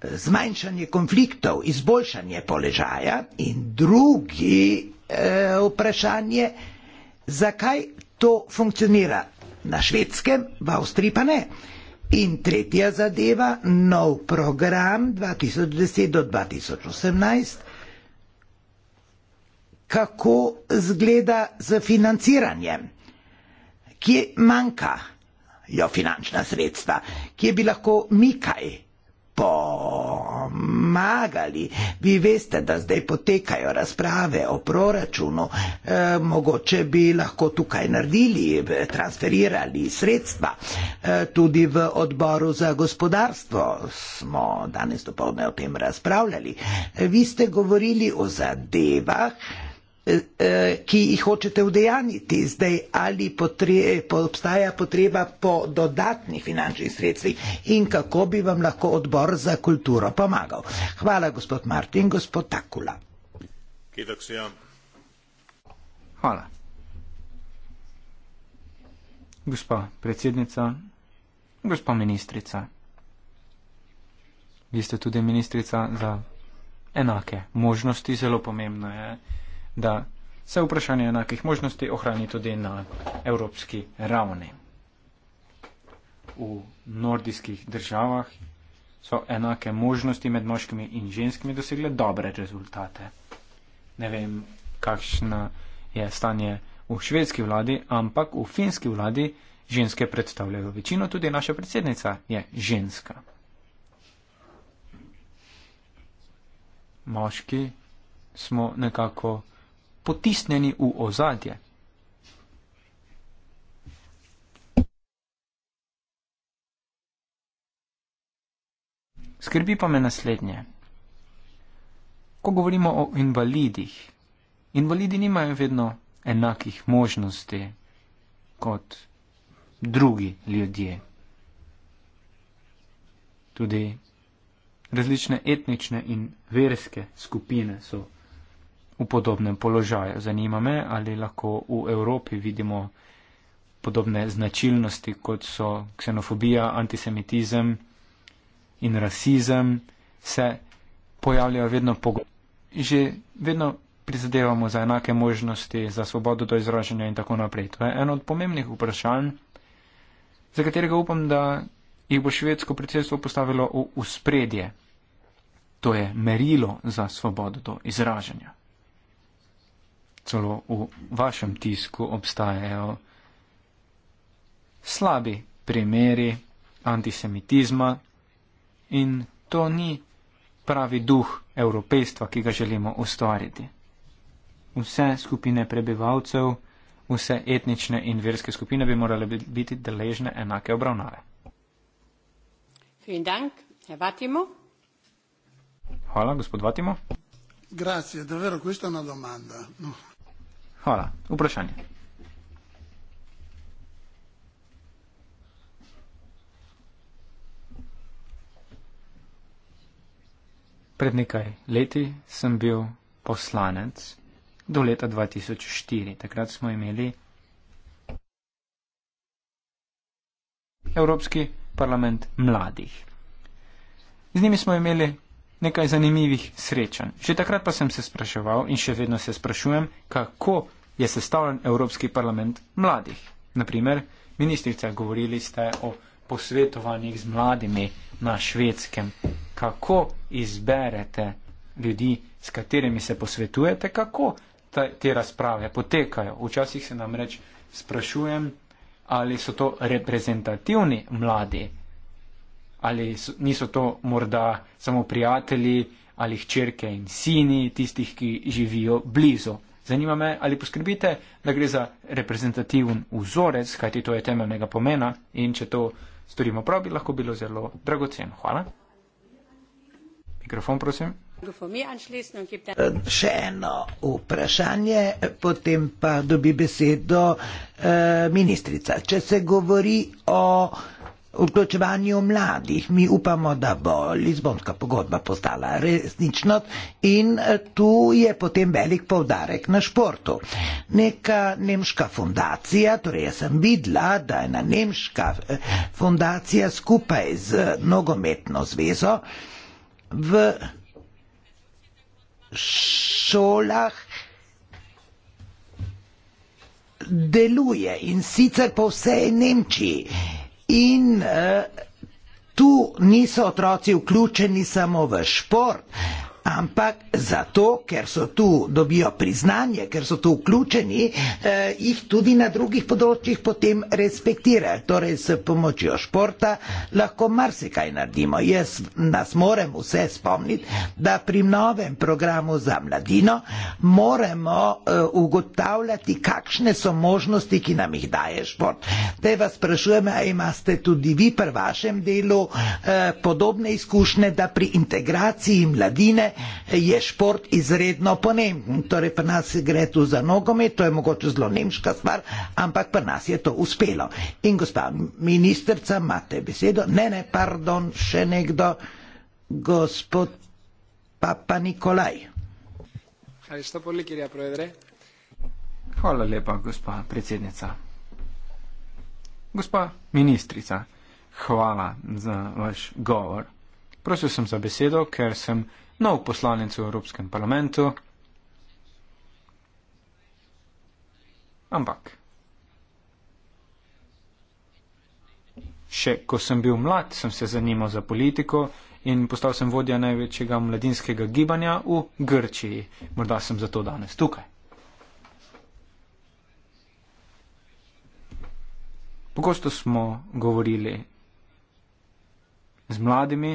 zmanjšanje konfliktov, izboljšanje položaja? In drugi e, vprašanje, zakaj to funkcionira na švedskem, v Avstriji pa ne? In tretja zadeva, nov program 2010 do 2018, kako zgleda z financiranjem? kje manjka jo finančna sredstva, kje bi lahko mi kaj pomagali. Vi veste, da zdaj potekajo razprave o proračunu, e, mogoče bi lahko tukaj naredili, transferirali sredstva. E, tudi v odboru za gospodarstvo smo danes dopolne o tem razpravljali. E, vi ste govorili o zadevah, ki jih hočete vdejaniti. Zdaj, ali potre, obstaja potreba po dodatnih finančnih sredstvih in kako bi vam lahko odbor za kulturo pomagal. Hvala, gospod Martin, gospod Takula. Hvala. Gospa predsednica, gospa ministrica, vi ste tudi ministrica za enake možnosti, zelo pomembno je da se vprašanje enakih možnosti ohrani tudi na evropski ravni. V nordijskih državah so enake možnosti med moškimi in ženskimi dosegle dobre rezultate. Ne vem, kakšno je stanje v švedski vladi, ampak v finski vladi ženske predstavljajo večino, tudi naša predsednica je ženska. Moški smo nekako potisnjeni v ozadje. Skrbi pa me naslednje. Ko govorimo o invalidih, invalidi nimajo vedno enakih možnosti kot drugi ljudje. Tudi različne etnične in verske skupine so v podobnem položaju. Zanima me, ali lahko v Evropi vidimo podobne značilnosti, kot so ksenofobija, antisemitizem in rasizem, se pojavljajo vedno pogosto. Že vedno prizadevamo za enake možnosti, za svobodo do izražanja in tako naprej. To je eno od pomembnih vprašanj, za katerega upam, da jih bo švedsko predsedstvo postavilo v uspredje. To je merilo za svobodo do izražanja celo v vašem tisku obstajajo slabi primeri antisemitizma in to ni pravi duh evropejstva, ki ga želimo ustvariti. Vse skupine prebivalcev, vse etnične in verske skupine bi morale biti deležne enake obravnave. Hvala, gospod Vatimo. Grazie, davvero questa è una domanda. No. Hvala. Vprašanje. Pred nekaj leti sem bil poslanec do leta 2004. Takrat smo imeli Evropski parlament mladih. Z njimi smo imeli nekaj zanimivih srečanj. Še takrat pa sem se spraševal in še vedno se sprašujem, kako je sestavljen Evropski parlament mladih. Naprimer, ministrica, govorili ste o posvetovanjih z mladimi na švedskem. Kako izberete ljudi, s katerimi se posvetujete, kako te, te razprave potekajo? Včasih se nam reč sprašujem, ali so to reprezentativni mladi, ali so, niso to morda samo prijatelji ali hčerke in sini tistih, ki živijo blizu Zanima me, ali poskrbite, da gre za reprezentativen vzorec, kajti to je temeljnega pomena in če to storimo prav, bi lahko bilo zelo dragoceno. Hvala. Mikrofon, prosim. Še eno vprašanje, potem pa dobi besedo eh, ministrica. Če se govori o eh, vključevanju mladih. Mi upamo, da bo Lizbonska pogodba postala resničnost in eh, tu je potem velik povdarek na športu. Neka nemška fundacija, torej jaz sem videla, da je ena nemška eh, fundacija skupaj z nogometno zvezo v šolah deluje in sicer po vsej Nemčiji. In uh, tu niso otroci vključeni samo v šport, ampak zato, ker so tu dobijo priznanje, ker so tu vključeni, eh, jih tudi na drugih področjih potem respektirajo. Torej, s pomočjo športa lahko marsikaj naredimo. Jaz nas moram vse spomniti, da pri novem programu za mladino moramo eh, ugotavljati, kakšne so možnosti, ki nam jih daje šport. Te vas sprašujem, a imate tudi vi pri vašem delu eh, podobne izkušnje, da pri integraciji mladine, je šport izredno pomemben. Torej, pri nas gre tu za nogomet, to je mogoče zelo nemška stvar, ampak pri nas je to uspelo. In gospa ministrica, imate besedo? Ne, ne, pardon, še nekdo. Gospod Papa Nikolaj. Hvala lepa, gospa predsednica. Gospa ministrica, hvala za vaš govor. Prosil sem za besedo, ker sem nov poslanec v Evropskem parlamentu. Ampak, še ko sem bil mlad, sem se zanimal za politiko in postal sem vodja največjega mladinskega gibanja v Grčiji. Morda sem zato danes tukaj. Pogosto smo govorili z mladimi,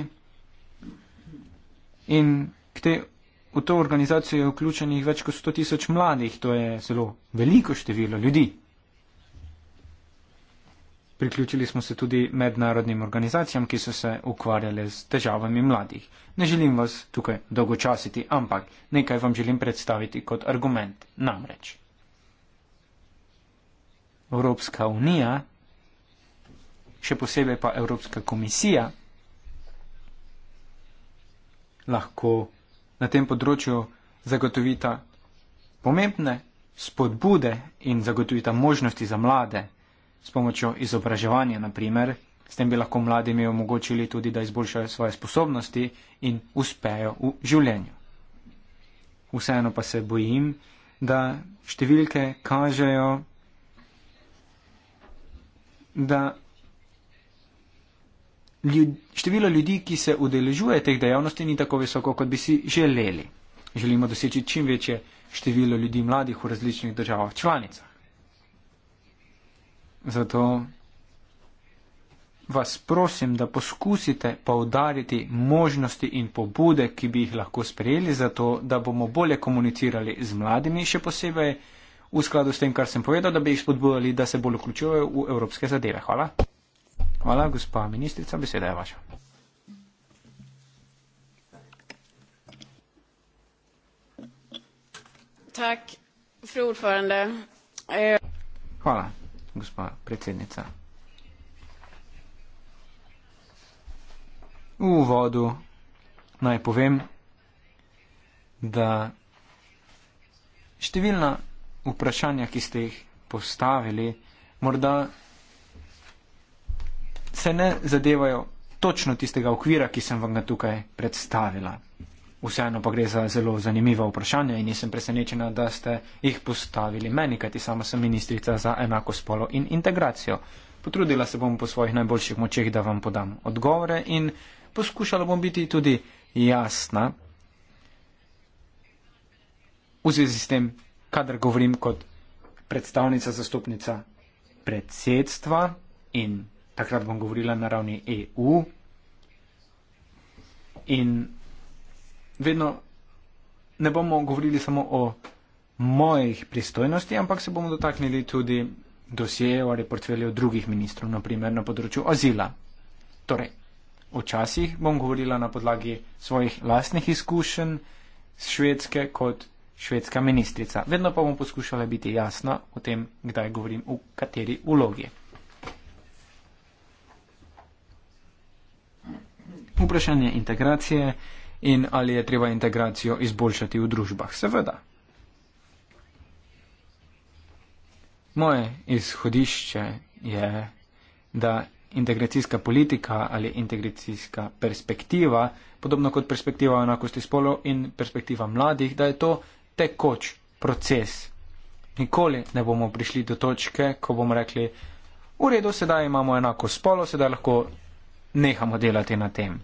In k te, v to organizacijo je vključenih več kot 100 tisoč mladih, to je zelo veliko število ljudi. Priključili smo se tudi mednarodnim organizacijam, ki so se ukvarjale z težavami mladih. Ne želim vas tukaj dolgočasiti, ampak nekaj vam želim predstaviti kot argument. Namreč. Evropska unija, še posebej pa Evropska komisija, lahko na tem področju zagotovita pomembne spodbude in zagotovita možnosti za mlade s pomočjo izobraževanja, naprimer. S tem bi lahko mladim omogočili tudi, da izboljšajo svoje sposobnosti in uspejo v življenju. Vseeno pa se bojim, da številke kažejo, da ljud, število ljudi, ki se udeležuje teh dejavnosti, ni tako visoko, kot bi si želeli. Želimo doseči čim večje število ljudi mladih v različnih državah članicah. Zato vas prosim, da poskusite poudariti možnosti in pobude, ki bi jih lahko sprejeli, zato da bomo bolje komunicirali z mladimi, še posebej v skladu s tem, kar sem povedal, da bi jih spodbujali, da se bolj vključujejo v evropske zadeve. Hvala. Hvala. Gospa ministrica, beseda je vaša. Tak, eh. Hvala, gospa predsednica. V uvodu naj povem, da številna vprašanja, ki ste jih postavili, morda se ne zadevajo točno tistega okvira, ki sem vam ga tukaj predstavila. Vseeno pa gre za zelo zanimiva vprašanja in nisem presenečena, da ste jih postavili meni, kajti sama sem ministrica za enako spolo in integracijo. Potrudila se bom po svojih najboljših močeh, da vam podam odgovore in poskušala bom biti tudi jasna v zvezi s tem, kadar govorim kot predstavnica, zastopnica predsedstva in takrat bom govorila na ravni EU. In vedno ne bomo govorili samo o mojih pristojnosti, ampak se bomo dotaknili tudi dosjejev ali portfeljev drugih ministrov, naprimer na področju azila. Torej, včasih bom govorila na podlagi svojih lastnih izkušenj z švedske kot švedska ministrica. Vedno pa bom poskušala biti jasna o tem, kdaj govorim v kateri vlogi. vprašanje integracije in ali je treba integracijo izboljšati v družbah. Seveda. Moje izhodišče je, da integracijska politika ali integracijska perspektiva, podobno kot perspektiva enakosti spolov in perspektiva mladih, da je to tekoč proces. Nikoli ne bomo prišli do točke, ko bomo rekli, v redu, sedaj imamo enako spolo, sedaj lahko nehamo delati na tem.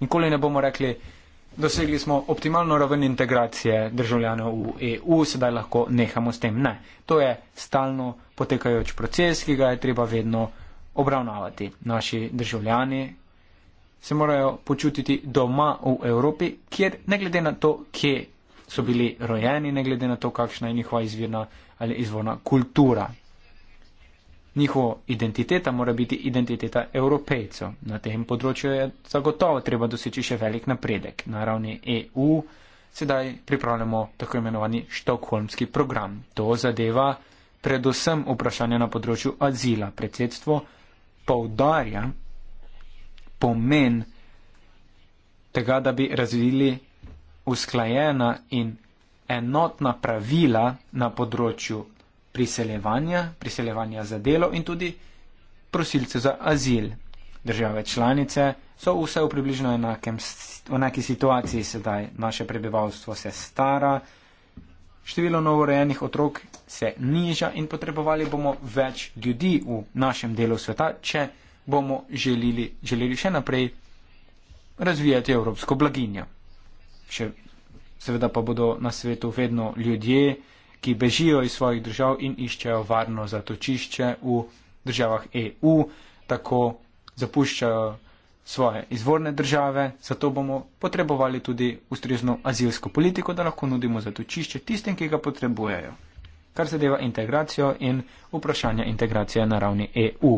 Nikoli ne bomo rekli, dosegli smo optimalno raven integracije državljanov v EU, sedaj lahko nehamo s tem. Ne, to je stalno potekajoč proces, ki ga je treba vedno obravnavati. Naši državljani se morajo počutiti doma v Evropi, kjer ne glede na to, kje so bili rojeni, ne glede na to, kakšna je njihova izvirna ali izvorna kultura. Njihova identiteta mora biti identiteta evropejcev. Na tem področju je zagotovo treba doseči še velik napredek. Na ravni EU sedaj pripravljamo tako imenovani štokholmski program. To zadeva predvsem vprašanje na področju azila. Predsedstvo povdarja pomen tega, da bi razvili usklajena in enotna pravila na področju priseljevanja, priseljevanja za delo in tudi prosilce za azil. Države članice so vse v približno enakem, v enaki situaciji sedaj. Naše prebivalstvo se stara, število novorejenih otrok se niža in potrebovali bomo več ljudi v našem delu sveta, če bomo želili, želeli še naprej razvijati evropsko blaginjo. Še, seveda pa bodo na svetu vedno ljudje, ki bežijo iz svojih držav in iščejo varno zatočišče v državah EU, tako zapuščajo svoje izvorne države, zato bomo potrebovali tudi ustrezno azilsko politiko, da lahko nudimo zatočišče tistim, ki ga potrebujejo, kar zadeva integracijo in vprašanje integracije na ravni EU.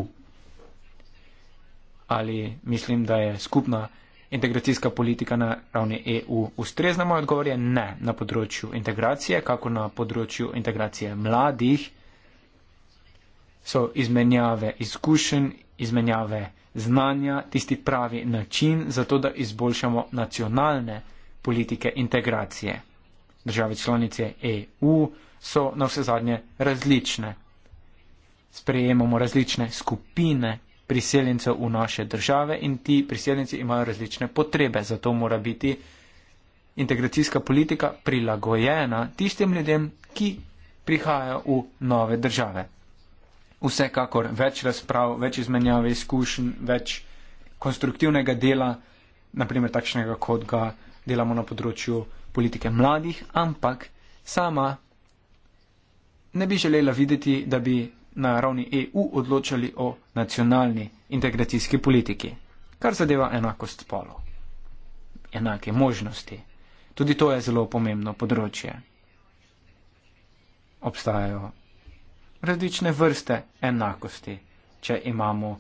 Ali mislim, da je skupna integracijska politika na ravni EU ustrezna? Moj odgovor je ne na področju integracije, kako na področju integracije mladih so izmenjave izkušenj, izmenjave znanja tisti pravi način za to, da izboljšamo nacionalne politike integracije. Države članice EU so na vse zadnje različne. Sprejemamo različne skupine priseljencev v naše države in ti priseljenci imajo različne potrebe. Zato mora biti integracijska politika prilagojena tistim ljudem, ki prihajajo v nove države. Vsekakor več razprav, več izmenjave izkušenj, več konstruktivnega dela, naprimer takšnega, kot ga delamo na področju politike mladih, ampak sama ne bi želela videti, da bi na ravni EU odločali o nacionalni integracijski politiki, kar zadeva enakost spolov, enake možnosti. Tudi to je zelo pomembno področje. Obstajajo različne vrste enakosti, če imamo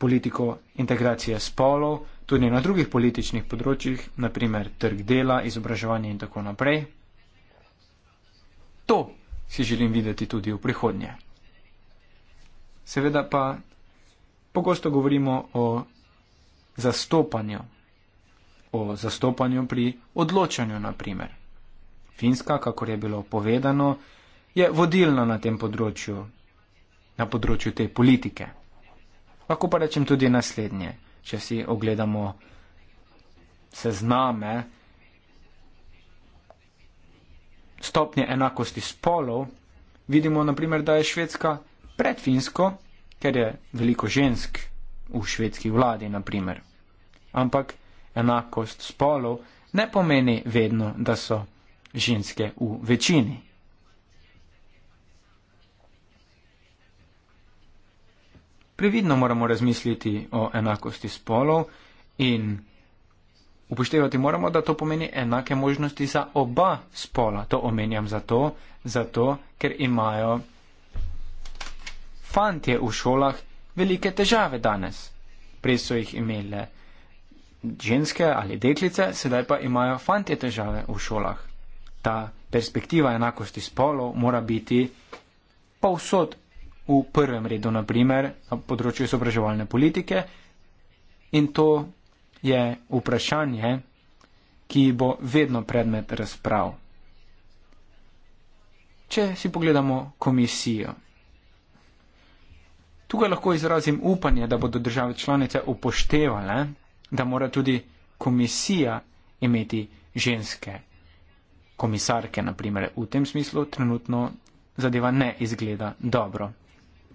politiko integracije spolov, tudi na drugih političnih področjih, naprimer trg dela, izobraževanje in tako naprej. To si želim videti tudi v prihodnje. Seveda pa pogosto govorimo o zastopanju, o zastopanju pri odločanju, naprimer. Finska, kakor je bilo povedano, je vodilna na tem področju, na področju te politike. Lahko pa rečem tudi naslednje, če si ogledamo sezname stopnje enakosti spolov, vidimo naprimer, da je Švedska pred Finsko, ker je veliko žensk v švedski vladi, naprimer. Ampak enakost spolov ne pomeni vedno, da so ženske v večini. Previdno moramo razmisliti o enakosti spolov in upoštevati moramo, da to pomeni enake možnosti za oba spola. To omenjam zato, zato ker imajo fantje v šolah velike težave danes. Prej so jih imele ženske ali deklice, sedaj pa imajo fantje težave v šolah. Ta perspektiva enakosti spolov mora biti povsod v prvem redu, naprimer na področju izobraževalne politike in to je vprašanje, ki bo vedno predmet razprav. Če si pogledamo komisijo, Tukaj lahko izrazim upanje, da bodo države članice upoštevale, da mora tudi komisija imeti ženske komisarke, naprimer v tem smislu trenutno zadeva ne izgleda dobro.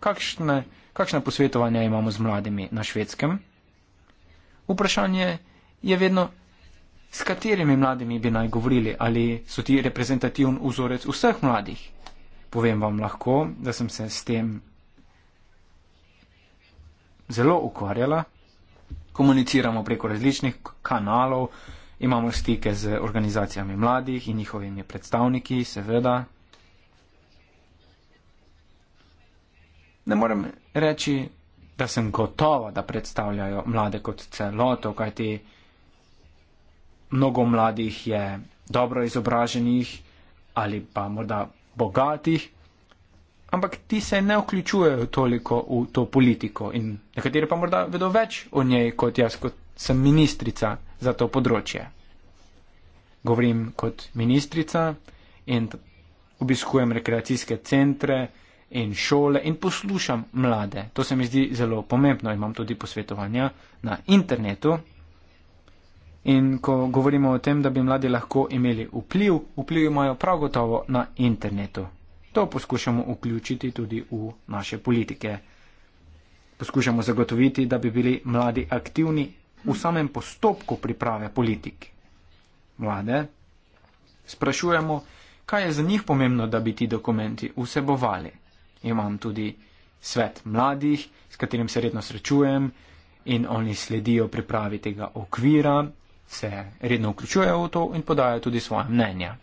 Kakšne, kakšne posvetovanja imamo z mladimi na švedskem? Vprašanje je vedno, s katerimi mladimi bi naj govorili, ali so ti reprezentativni vzorec vseh mladih. Povem vam lahko, da sem se s tem zelo ukvarjala. Komuniciramo preko različnih kanalov, imamo stike z organizacijami mladih in njihovimi predstavniki, seveda. Ne morem reči, da sem gotova, da predstavljajo mlade kot celoto, kajti mnogo mladih je dobro izobraženih ali pa morda bogatih, ampak ti se ne vključujejo toliko v to politiko in nekateri pa morda vedo več o njej kot jaz, kot sem ministrica za to področje. Govorim kot ministrica in obiskujem rekreacijske centre in šole in poslušam mlade. To se mi zdi zelo pomembno. Imam tudi posvetovanja na internetu. In ko govorimo o tem, da bi mladi lahko imeli vpliv, vpliv imajo prav gotovo na internetu to poskušamo vključiti tudi v naše politike. Poskušamo zagotoviti, da bi bili mladi aktivni v samem postopku priprave politik. Mlade sprašujemo, kaj je za njih pomembno, da bi ti dokumenti vsebovali. Imam tudi svet mladih, s katerim se redno srečujem in oni sledijo pripravi tega okvira, se redno vključujejo v to in podajo tudi svoje mnenja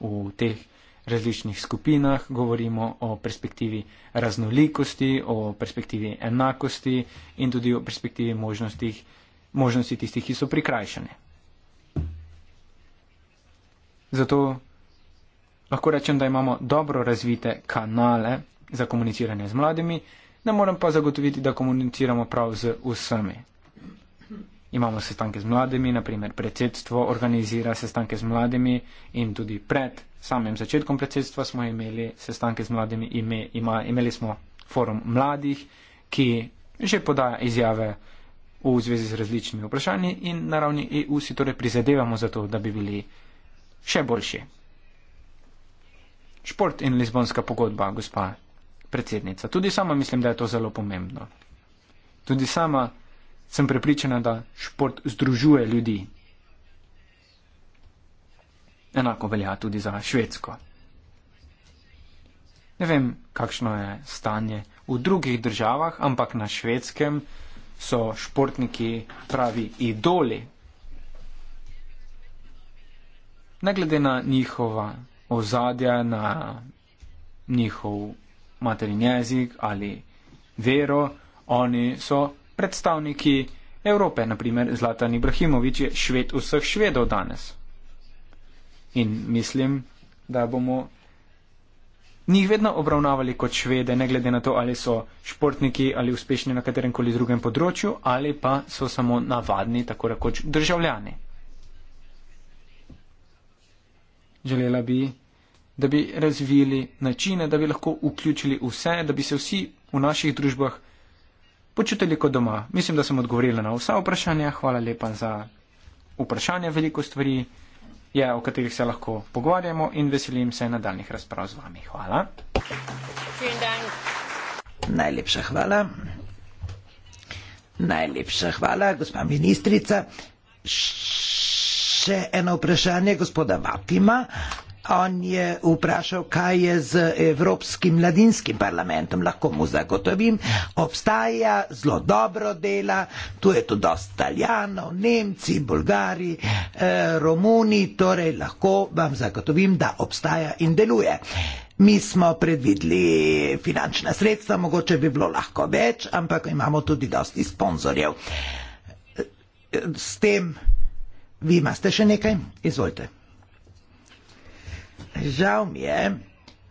v teh različnih skupinah, govorimo o perspektivi raznolikosti, o perspektivi enakosti in tudi o perspektivi možnostih, možnosti tistih, ki so prikrajšani. Zato lahko rečem, da imamo dobro razvite kanale za komuniciranje z mladimi, ne morem pa zagotoviti, da komuniciramo prav z vsemi. Imamo sestanke z mladimi, naprimer predsedstvo organizira sestanke z mladimi in tudi pred samem začetku predsedstva smo imeli sestanke z mladimi, ime, ima, imeli smo forum mladih, ki že podaja izjave v zvezi z različnimi vprašanji in na ravni EU si torej prizadevamo za to, da bi bili še boljši. Šport in Lizbonska pogodba, gospa predsednica. Tudi sama mislim, da je to zelo pomembno. Tudi sama sem prepričana, da šport združuje ljudi. Enako velja tudi za Švedsko. Ne vem, kakšno je stanje v drugih državah, ampak na švedskem so športniki pravi idoli. Ne glede na njihova ozadja, na njihov materin jezik ali vero, oni so predstavniki Evrope. Naprimer, Zlatan Ibrahimovič je šved vseh švedov danes in mislim, da bomo njih vedno obravnavali kot švede, ne glede na to, ali so športniki ali uspešni na katerem koli drugem področju ali pa so samo navadni, tako rekoč, državljani. Želela bi, da bi razvili načine, da bi lahko vključili vse, da bi se vsi v naših družbah počutili kot doma. Mislim, da sem odgovorila na vsa vprašanja. Hvala lepa za vprašanja, veliko stvari je, o katerih se lahko pogovarjamo in veselim se nadaljnih razprav z vami. Hvala. Najlepša hvala. Najlepša hvala, gospa ministrica. Še eno vprašanje gospoda Vatima. On je vprašal, kaj je z Evropskim mladinskim parlamentom, lahko mu zagotovim, obstaja zelo dobro dela, tu je tudi dosta Italijanov, Nemci, Bolgari, eh, Romuni, torej lahko vam zagotovim, da obstaja in deluje. Mi smo predvideli finančna sredstva, mogoče bi bilo lahko več, ampak imamo tudi dosti sponzorjev. Eh, s tem, vi imate še nekaj? Izvolite. Žal mi je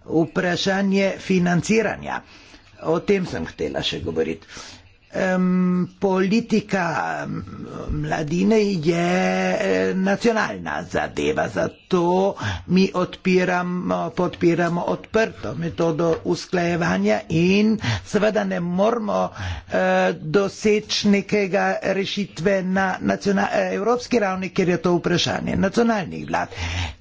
vprašanje financiranja. O tem sem htela še govoriti politika mladine je e, nacionalna zadeva, zato mi odpiramo, podpiramo odprto metodo usklajevanja in seveda ne moramo e, doseči nekega rešitve na e, evropski ravni, ker je to vprašanje nacionalnih vlad.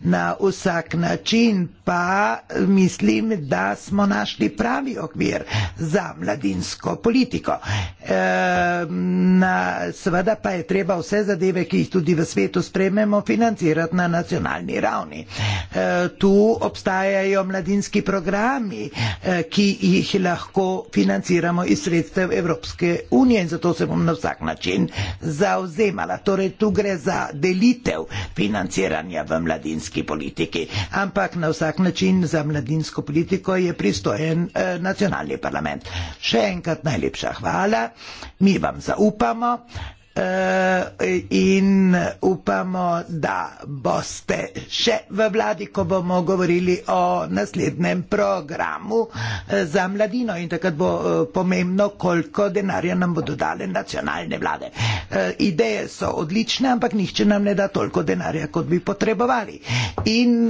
Na vsak način pa mislim, da smo našli pravi okvir za mladinsko politiko. Ehm, na, seveda pa je treba vse zadeve, ki jih tudi v svetu sprememo, financirati na nacionalni ravni. Ja. Eh, tu obstajajo mladinski programi, ja. eh, ki jih lahko financiramo iz sredstev Evropske unije in zato se bom na vsak način zauzemala. Torej, tu gre za delitev financiranja v mladinski politiki, ampak na vsak način za mladinsko politiko je pristojen eh, nacionalni parlament. Še enkrat najlepša hvala mi vam zaupamo, Eh, in upamo, da boste še v vladi, ko bomo govorili o naslednjem programu eh, za mladino in takrat bo eh, pomembno, koliko denarja nam bodo dale nacionalne vlade. Ideje so odlične, ampak nihče nam ne da toliko denarja, kot bi potrebovali. In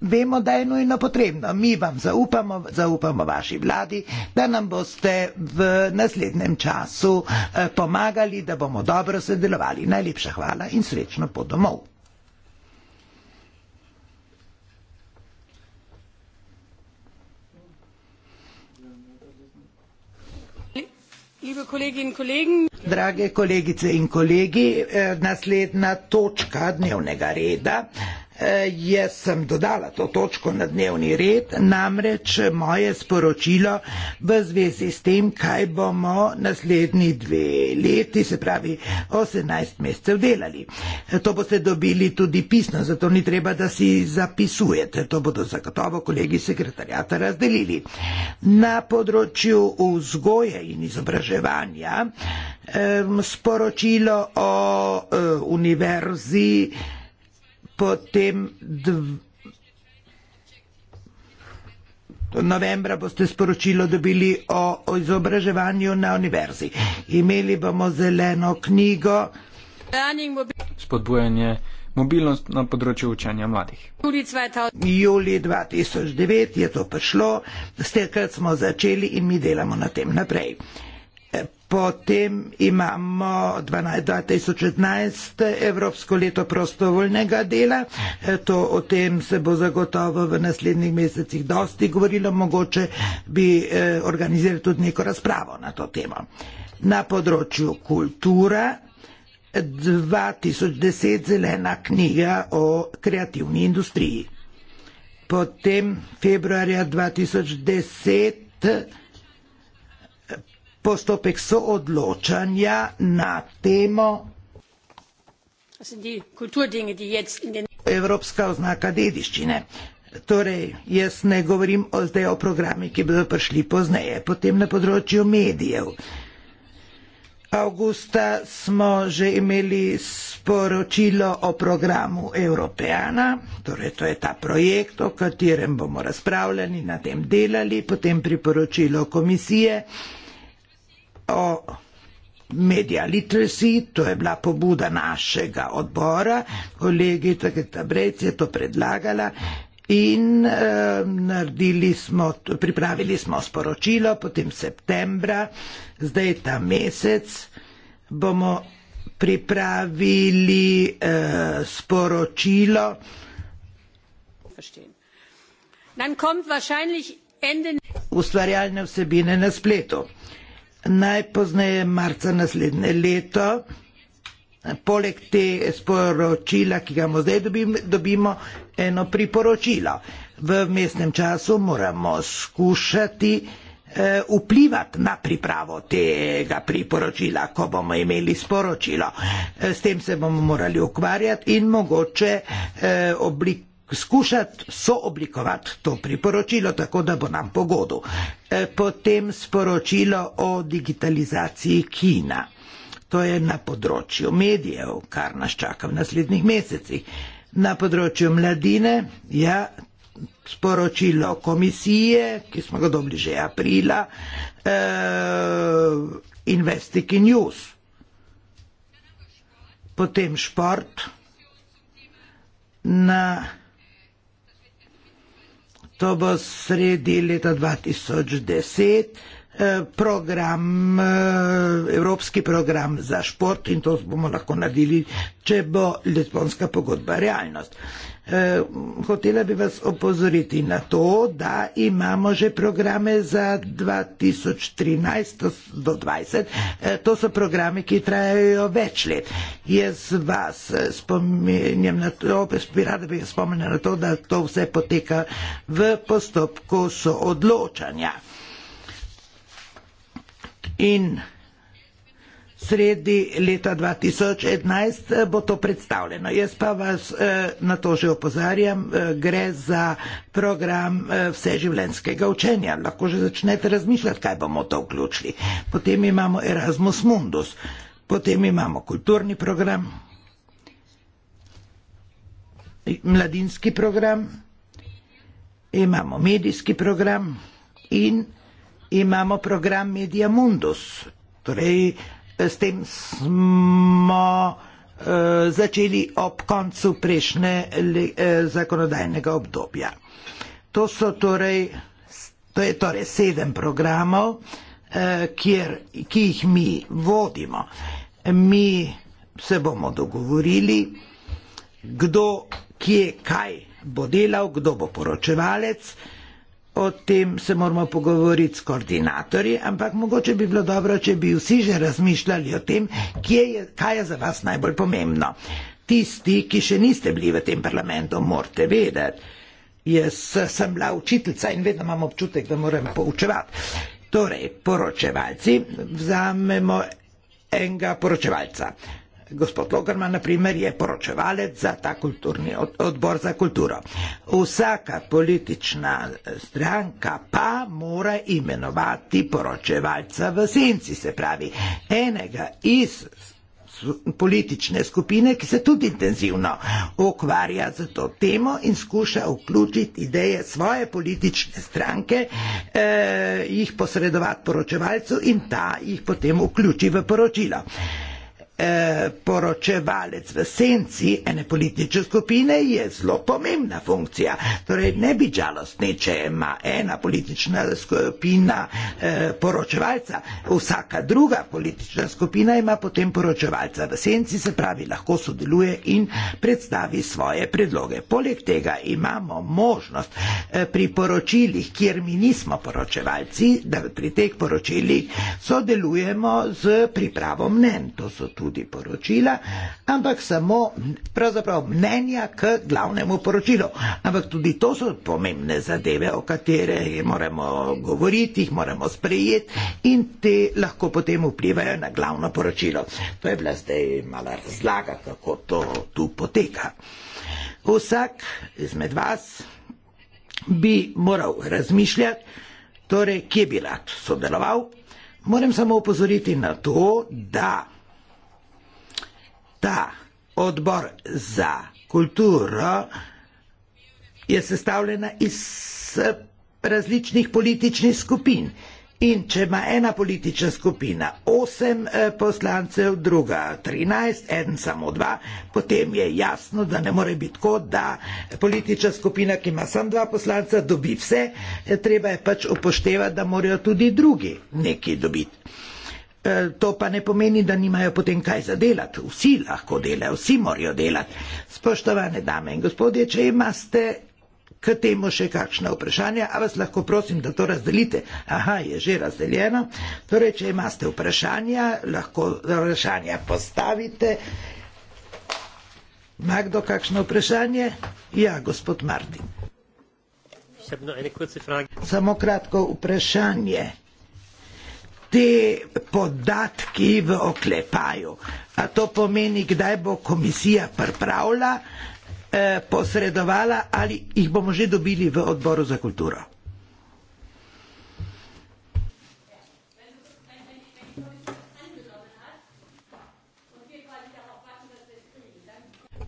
vemo, da je nujno potrebno. Mi vam zaupamo, zaupamo vaši vladi, da nam boste v naslednjem času pomagali, da bomo dobro dobro sodelovali. Najlepša hvala in srečno po domov. Drage kolegice in kolegi, eh, naslednja točka dnevnega reda. E, sem dodala to točko na dnevni red, namreč moje sporočilo v zvezi s tem, kaj bomo naslednji dve leti, se pravi 18 mesecev delali. E, to boste dobili tudi pisno, zato ni treba, da si zapisujete. To bodo zagotovo kolegi sekretarjata razdelili. Na področju vzgoje in izobraževanja sporočilo o e, univerzi, potem dv... novembra boste sporočilo dobili o, o izobraževanju na univerzi. Imeli bomo zeleno knjigo. Spodbujanje mobilnost na področju učenja mladih. Juli 2009 je to prišlo, s tem, kar smo začeli in mi delamo na tem naprej. Potem imamo 2016 Evropsko leto prostovoljnega dela. E, to, o tem se bo zagotovo v naslednjih mesecih dosti govorilo. Mogoče bi eh, organizirali tudi neko razpravo na to temo. Na področju kultura 2010 zelena knjiga o kreativni industriji. Potem februarja 2010 postopek soodločanja na temo Evropska oznaka dediščine. Torej, jaz ne govorim o, zdaj o programih, ki bodo prišli pozneje, potem na področju medijev. Augusta smo že imeli sporočilo o programu Europeana, torej to je ta projekt, o katerem bomo razpravljali, na tem delali, potem priporočilo komisije o media literacy, to je bila pobuda našega odbora, kolegica Getabrec je to predlagala. In eh, naredili smo, pripravili smo sporočilo, potem septembra, zdaj ta mesec bomo pripravili eh, sporočilo. Ustvarjalne vsebine na spletu. Eh, najpozneje marca naslednje leto. Poleg te sporočila, ki ga zdaj dobimo, dobimo eno priporočilo. V mestnem času moramo skušati eh, vplivati na pripravo tega priporočila, ko bomo imeli sporočilo. Eh, s tem se bomo morali ukvarjati in mogoče eh, oblikovati skušati sooblikovati to priporočilo, tako da bo nam pogodu. E, potem sporočilo o digitalizaciji kina. To je na področju medijev, kar nas čaka v naslednjih mesecih. Na področju mladine, ja, sporočilo komisije, ki smo ga dobili že aprila, eh, Investiki News. Potem šport na to bo sredi leta 2010, Eh, program, eh, evropski program za šport in to bomo lahko naredili, če bo lizbonska pogodba realnost. Eh, hotela bi vas opozoriti na to, da imamo že programe za 2013 do 2020. To so programe, ki trajajo več let. Jaz vas spominjam na to, rada bi spomnila na to, da to vse poteka v postopku soodločanja in sredi leta 2011 eh, bo to predstavljeno. Jaz pa vas eh, na to že opozarjam, eh, gre za program vseživljenjskega učenja. Lahko že začnete razmišljati, kaj bomo to vključili. Potem imamo Erasmus Mundus, potem imamo kulturni program, mladinski program, imamo medijski program in imamo program Media Mundus. Torej, eh, s tem smo uh, začeli ob koncu prejšnje le, uh, zakonodajnega obdobja. To, torej, to je torej sedem programov, uh, kjer, ki jih mi vodimo. Mi se bomo dogovorili, kdo, kje, kaj bo delal, kdo bo poročevalec, uh, O tem se moramo pogovoriti s koordinatorji, ampak mogoče bi bilo dobro, če bi vsi že razmišljali o tem, je, kaj je za vas najbolj pomembno. Tisti, ki še niste bili v tem parlamentu, morate vedeti. Jaz sem bila učiteljica in vedno imam občutek, da moram poučevati. Torej, poročevalci, vzamemo enega poročevalca. Gospod Logarman, na primer, je poročevalec za ta kulturni odbor za kulturo. Vsaka politična eh, stranka pa mora imenovati poročevalca v senci, se pravi enega iz politične skupine, ki se tudi intenzivno ukvarja z to temo in skuša vključiti ideje svoje politične stranke, eh, jih posredovati poročevalcu in ta jih potem vključi v poročilo. Eh, poročevalec v senci ene politične skupine je zelo pomembna funkcija. Torej, ne bi žalostni, če ima ena politična skupina eh, poročevalca, vsaka druga politična skupina ima potem poročevalca v senci, se pravi, lahko sodeluje in predstavi svoje predloge. Poleg tega imamo možnost eh, pri poročilih, kjer mi nismo poročevalci, da pri teh poročilih sodelujemo z pripravo mnen. To so tudi tudi poročila, ampak samo pravzaprav mnenja k glavnemu poročilu. Ampak tudi to so pomembne zadeve, o katere moramo govoriti, jih moramo sprejeti in te lahko potem vplivajo na glavno poročilo. To je bila zdaj mala razlaga, kako to tu poteka. Vsak izmed vas bi moral razmišljati, torej, kje bi rad sodeloval. Moram samo upozoriti na to, da ta odbor za kulturo je sestavljena iz različnih političnih skupin. In če ima ena politična skupina osem eh, poslancev, druga trinajst, en samo dva, potem je jasno, da ne more biti tako, da politična skupina, ki ima samo dva poslanca, dobi vse. Eh, treba je pač upoštevati, da morajo tudi drugi nekaj dobiti. E, to pa ne pomeni, da nimajo potem kaj za delati. Vsi lahko delajo, vsi morajo delati. Spoštovane dame in gospodje, če imate k temu še kakšno vprašanje, a vas lahko prosim, da to razdelite. Aha, je že razdeljeno. Torej, če imate vprašanja, lahko vprašanja postavite. Ima kdo kakšno vprašanje? Ja, gospod Martin. Samo kratko vprašanje te podatki v oklepaju. A to pomeni, kdaj bo komisija pripravila, eh, posredovala ali jih bomo že dobili v odboru za kulturo.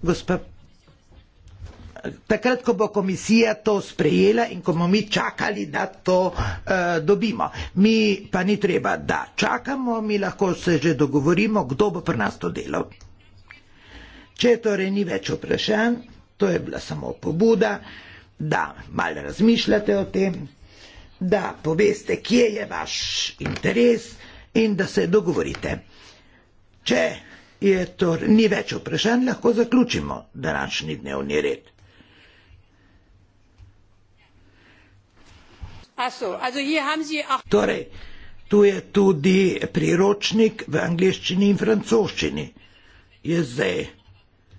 Gospod takrat, ko bo komisija to sprejela in ko bomo mi čakali, da to uh, dobimo. Mi pa ni treba, da čakamo, mi lahko se že dogovorimo, kdo bo pri nas to delo. Če torej ni več vprašanj, to je bila samo pobuda, da malo razmišljate o tem, da poveste, kje je vaš interes in da se dogovorite. Če je torej ni več vprašanj, lahko zaključimo današnji dnevni red. Torej, tu je tudi priročnik v angliščini in francoščini. Je zdaj.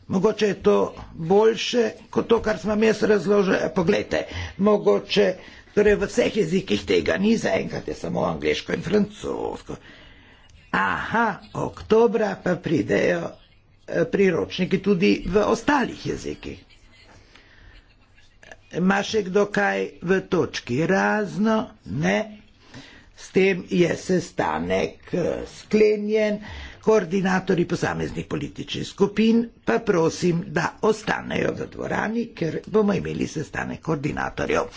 Mogoče je to boljše kot to, kar smo mi jaz razložili. E, poglejte, mogoče torej v vseh jezikih tega ni zaenkrat, je samo angliško in francosko. Aha, oktobra pa pridejo e, priročniki tudi v ostalih jezikih ima še kdo kaj v točki razno, ne. S tem je sestanek eh, sklenjen, koordinatori posameznih političnih skupin pa prosim, da ostanejo v dvorani, ker bomo imeli sestanek koordinatorjev.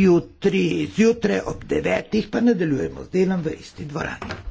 Jutri zjutraj ob devetih pa nadaljujemo z delom v isti dvorani.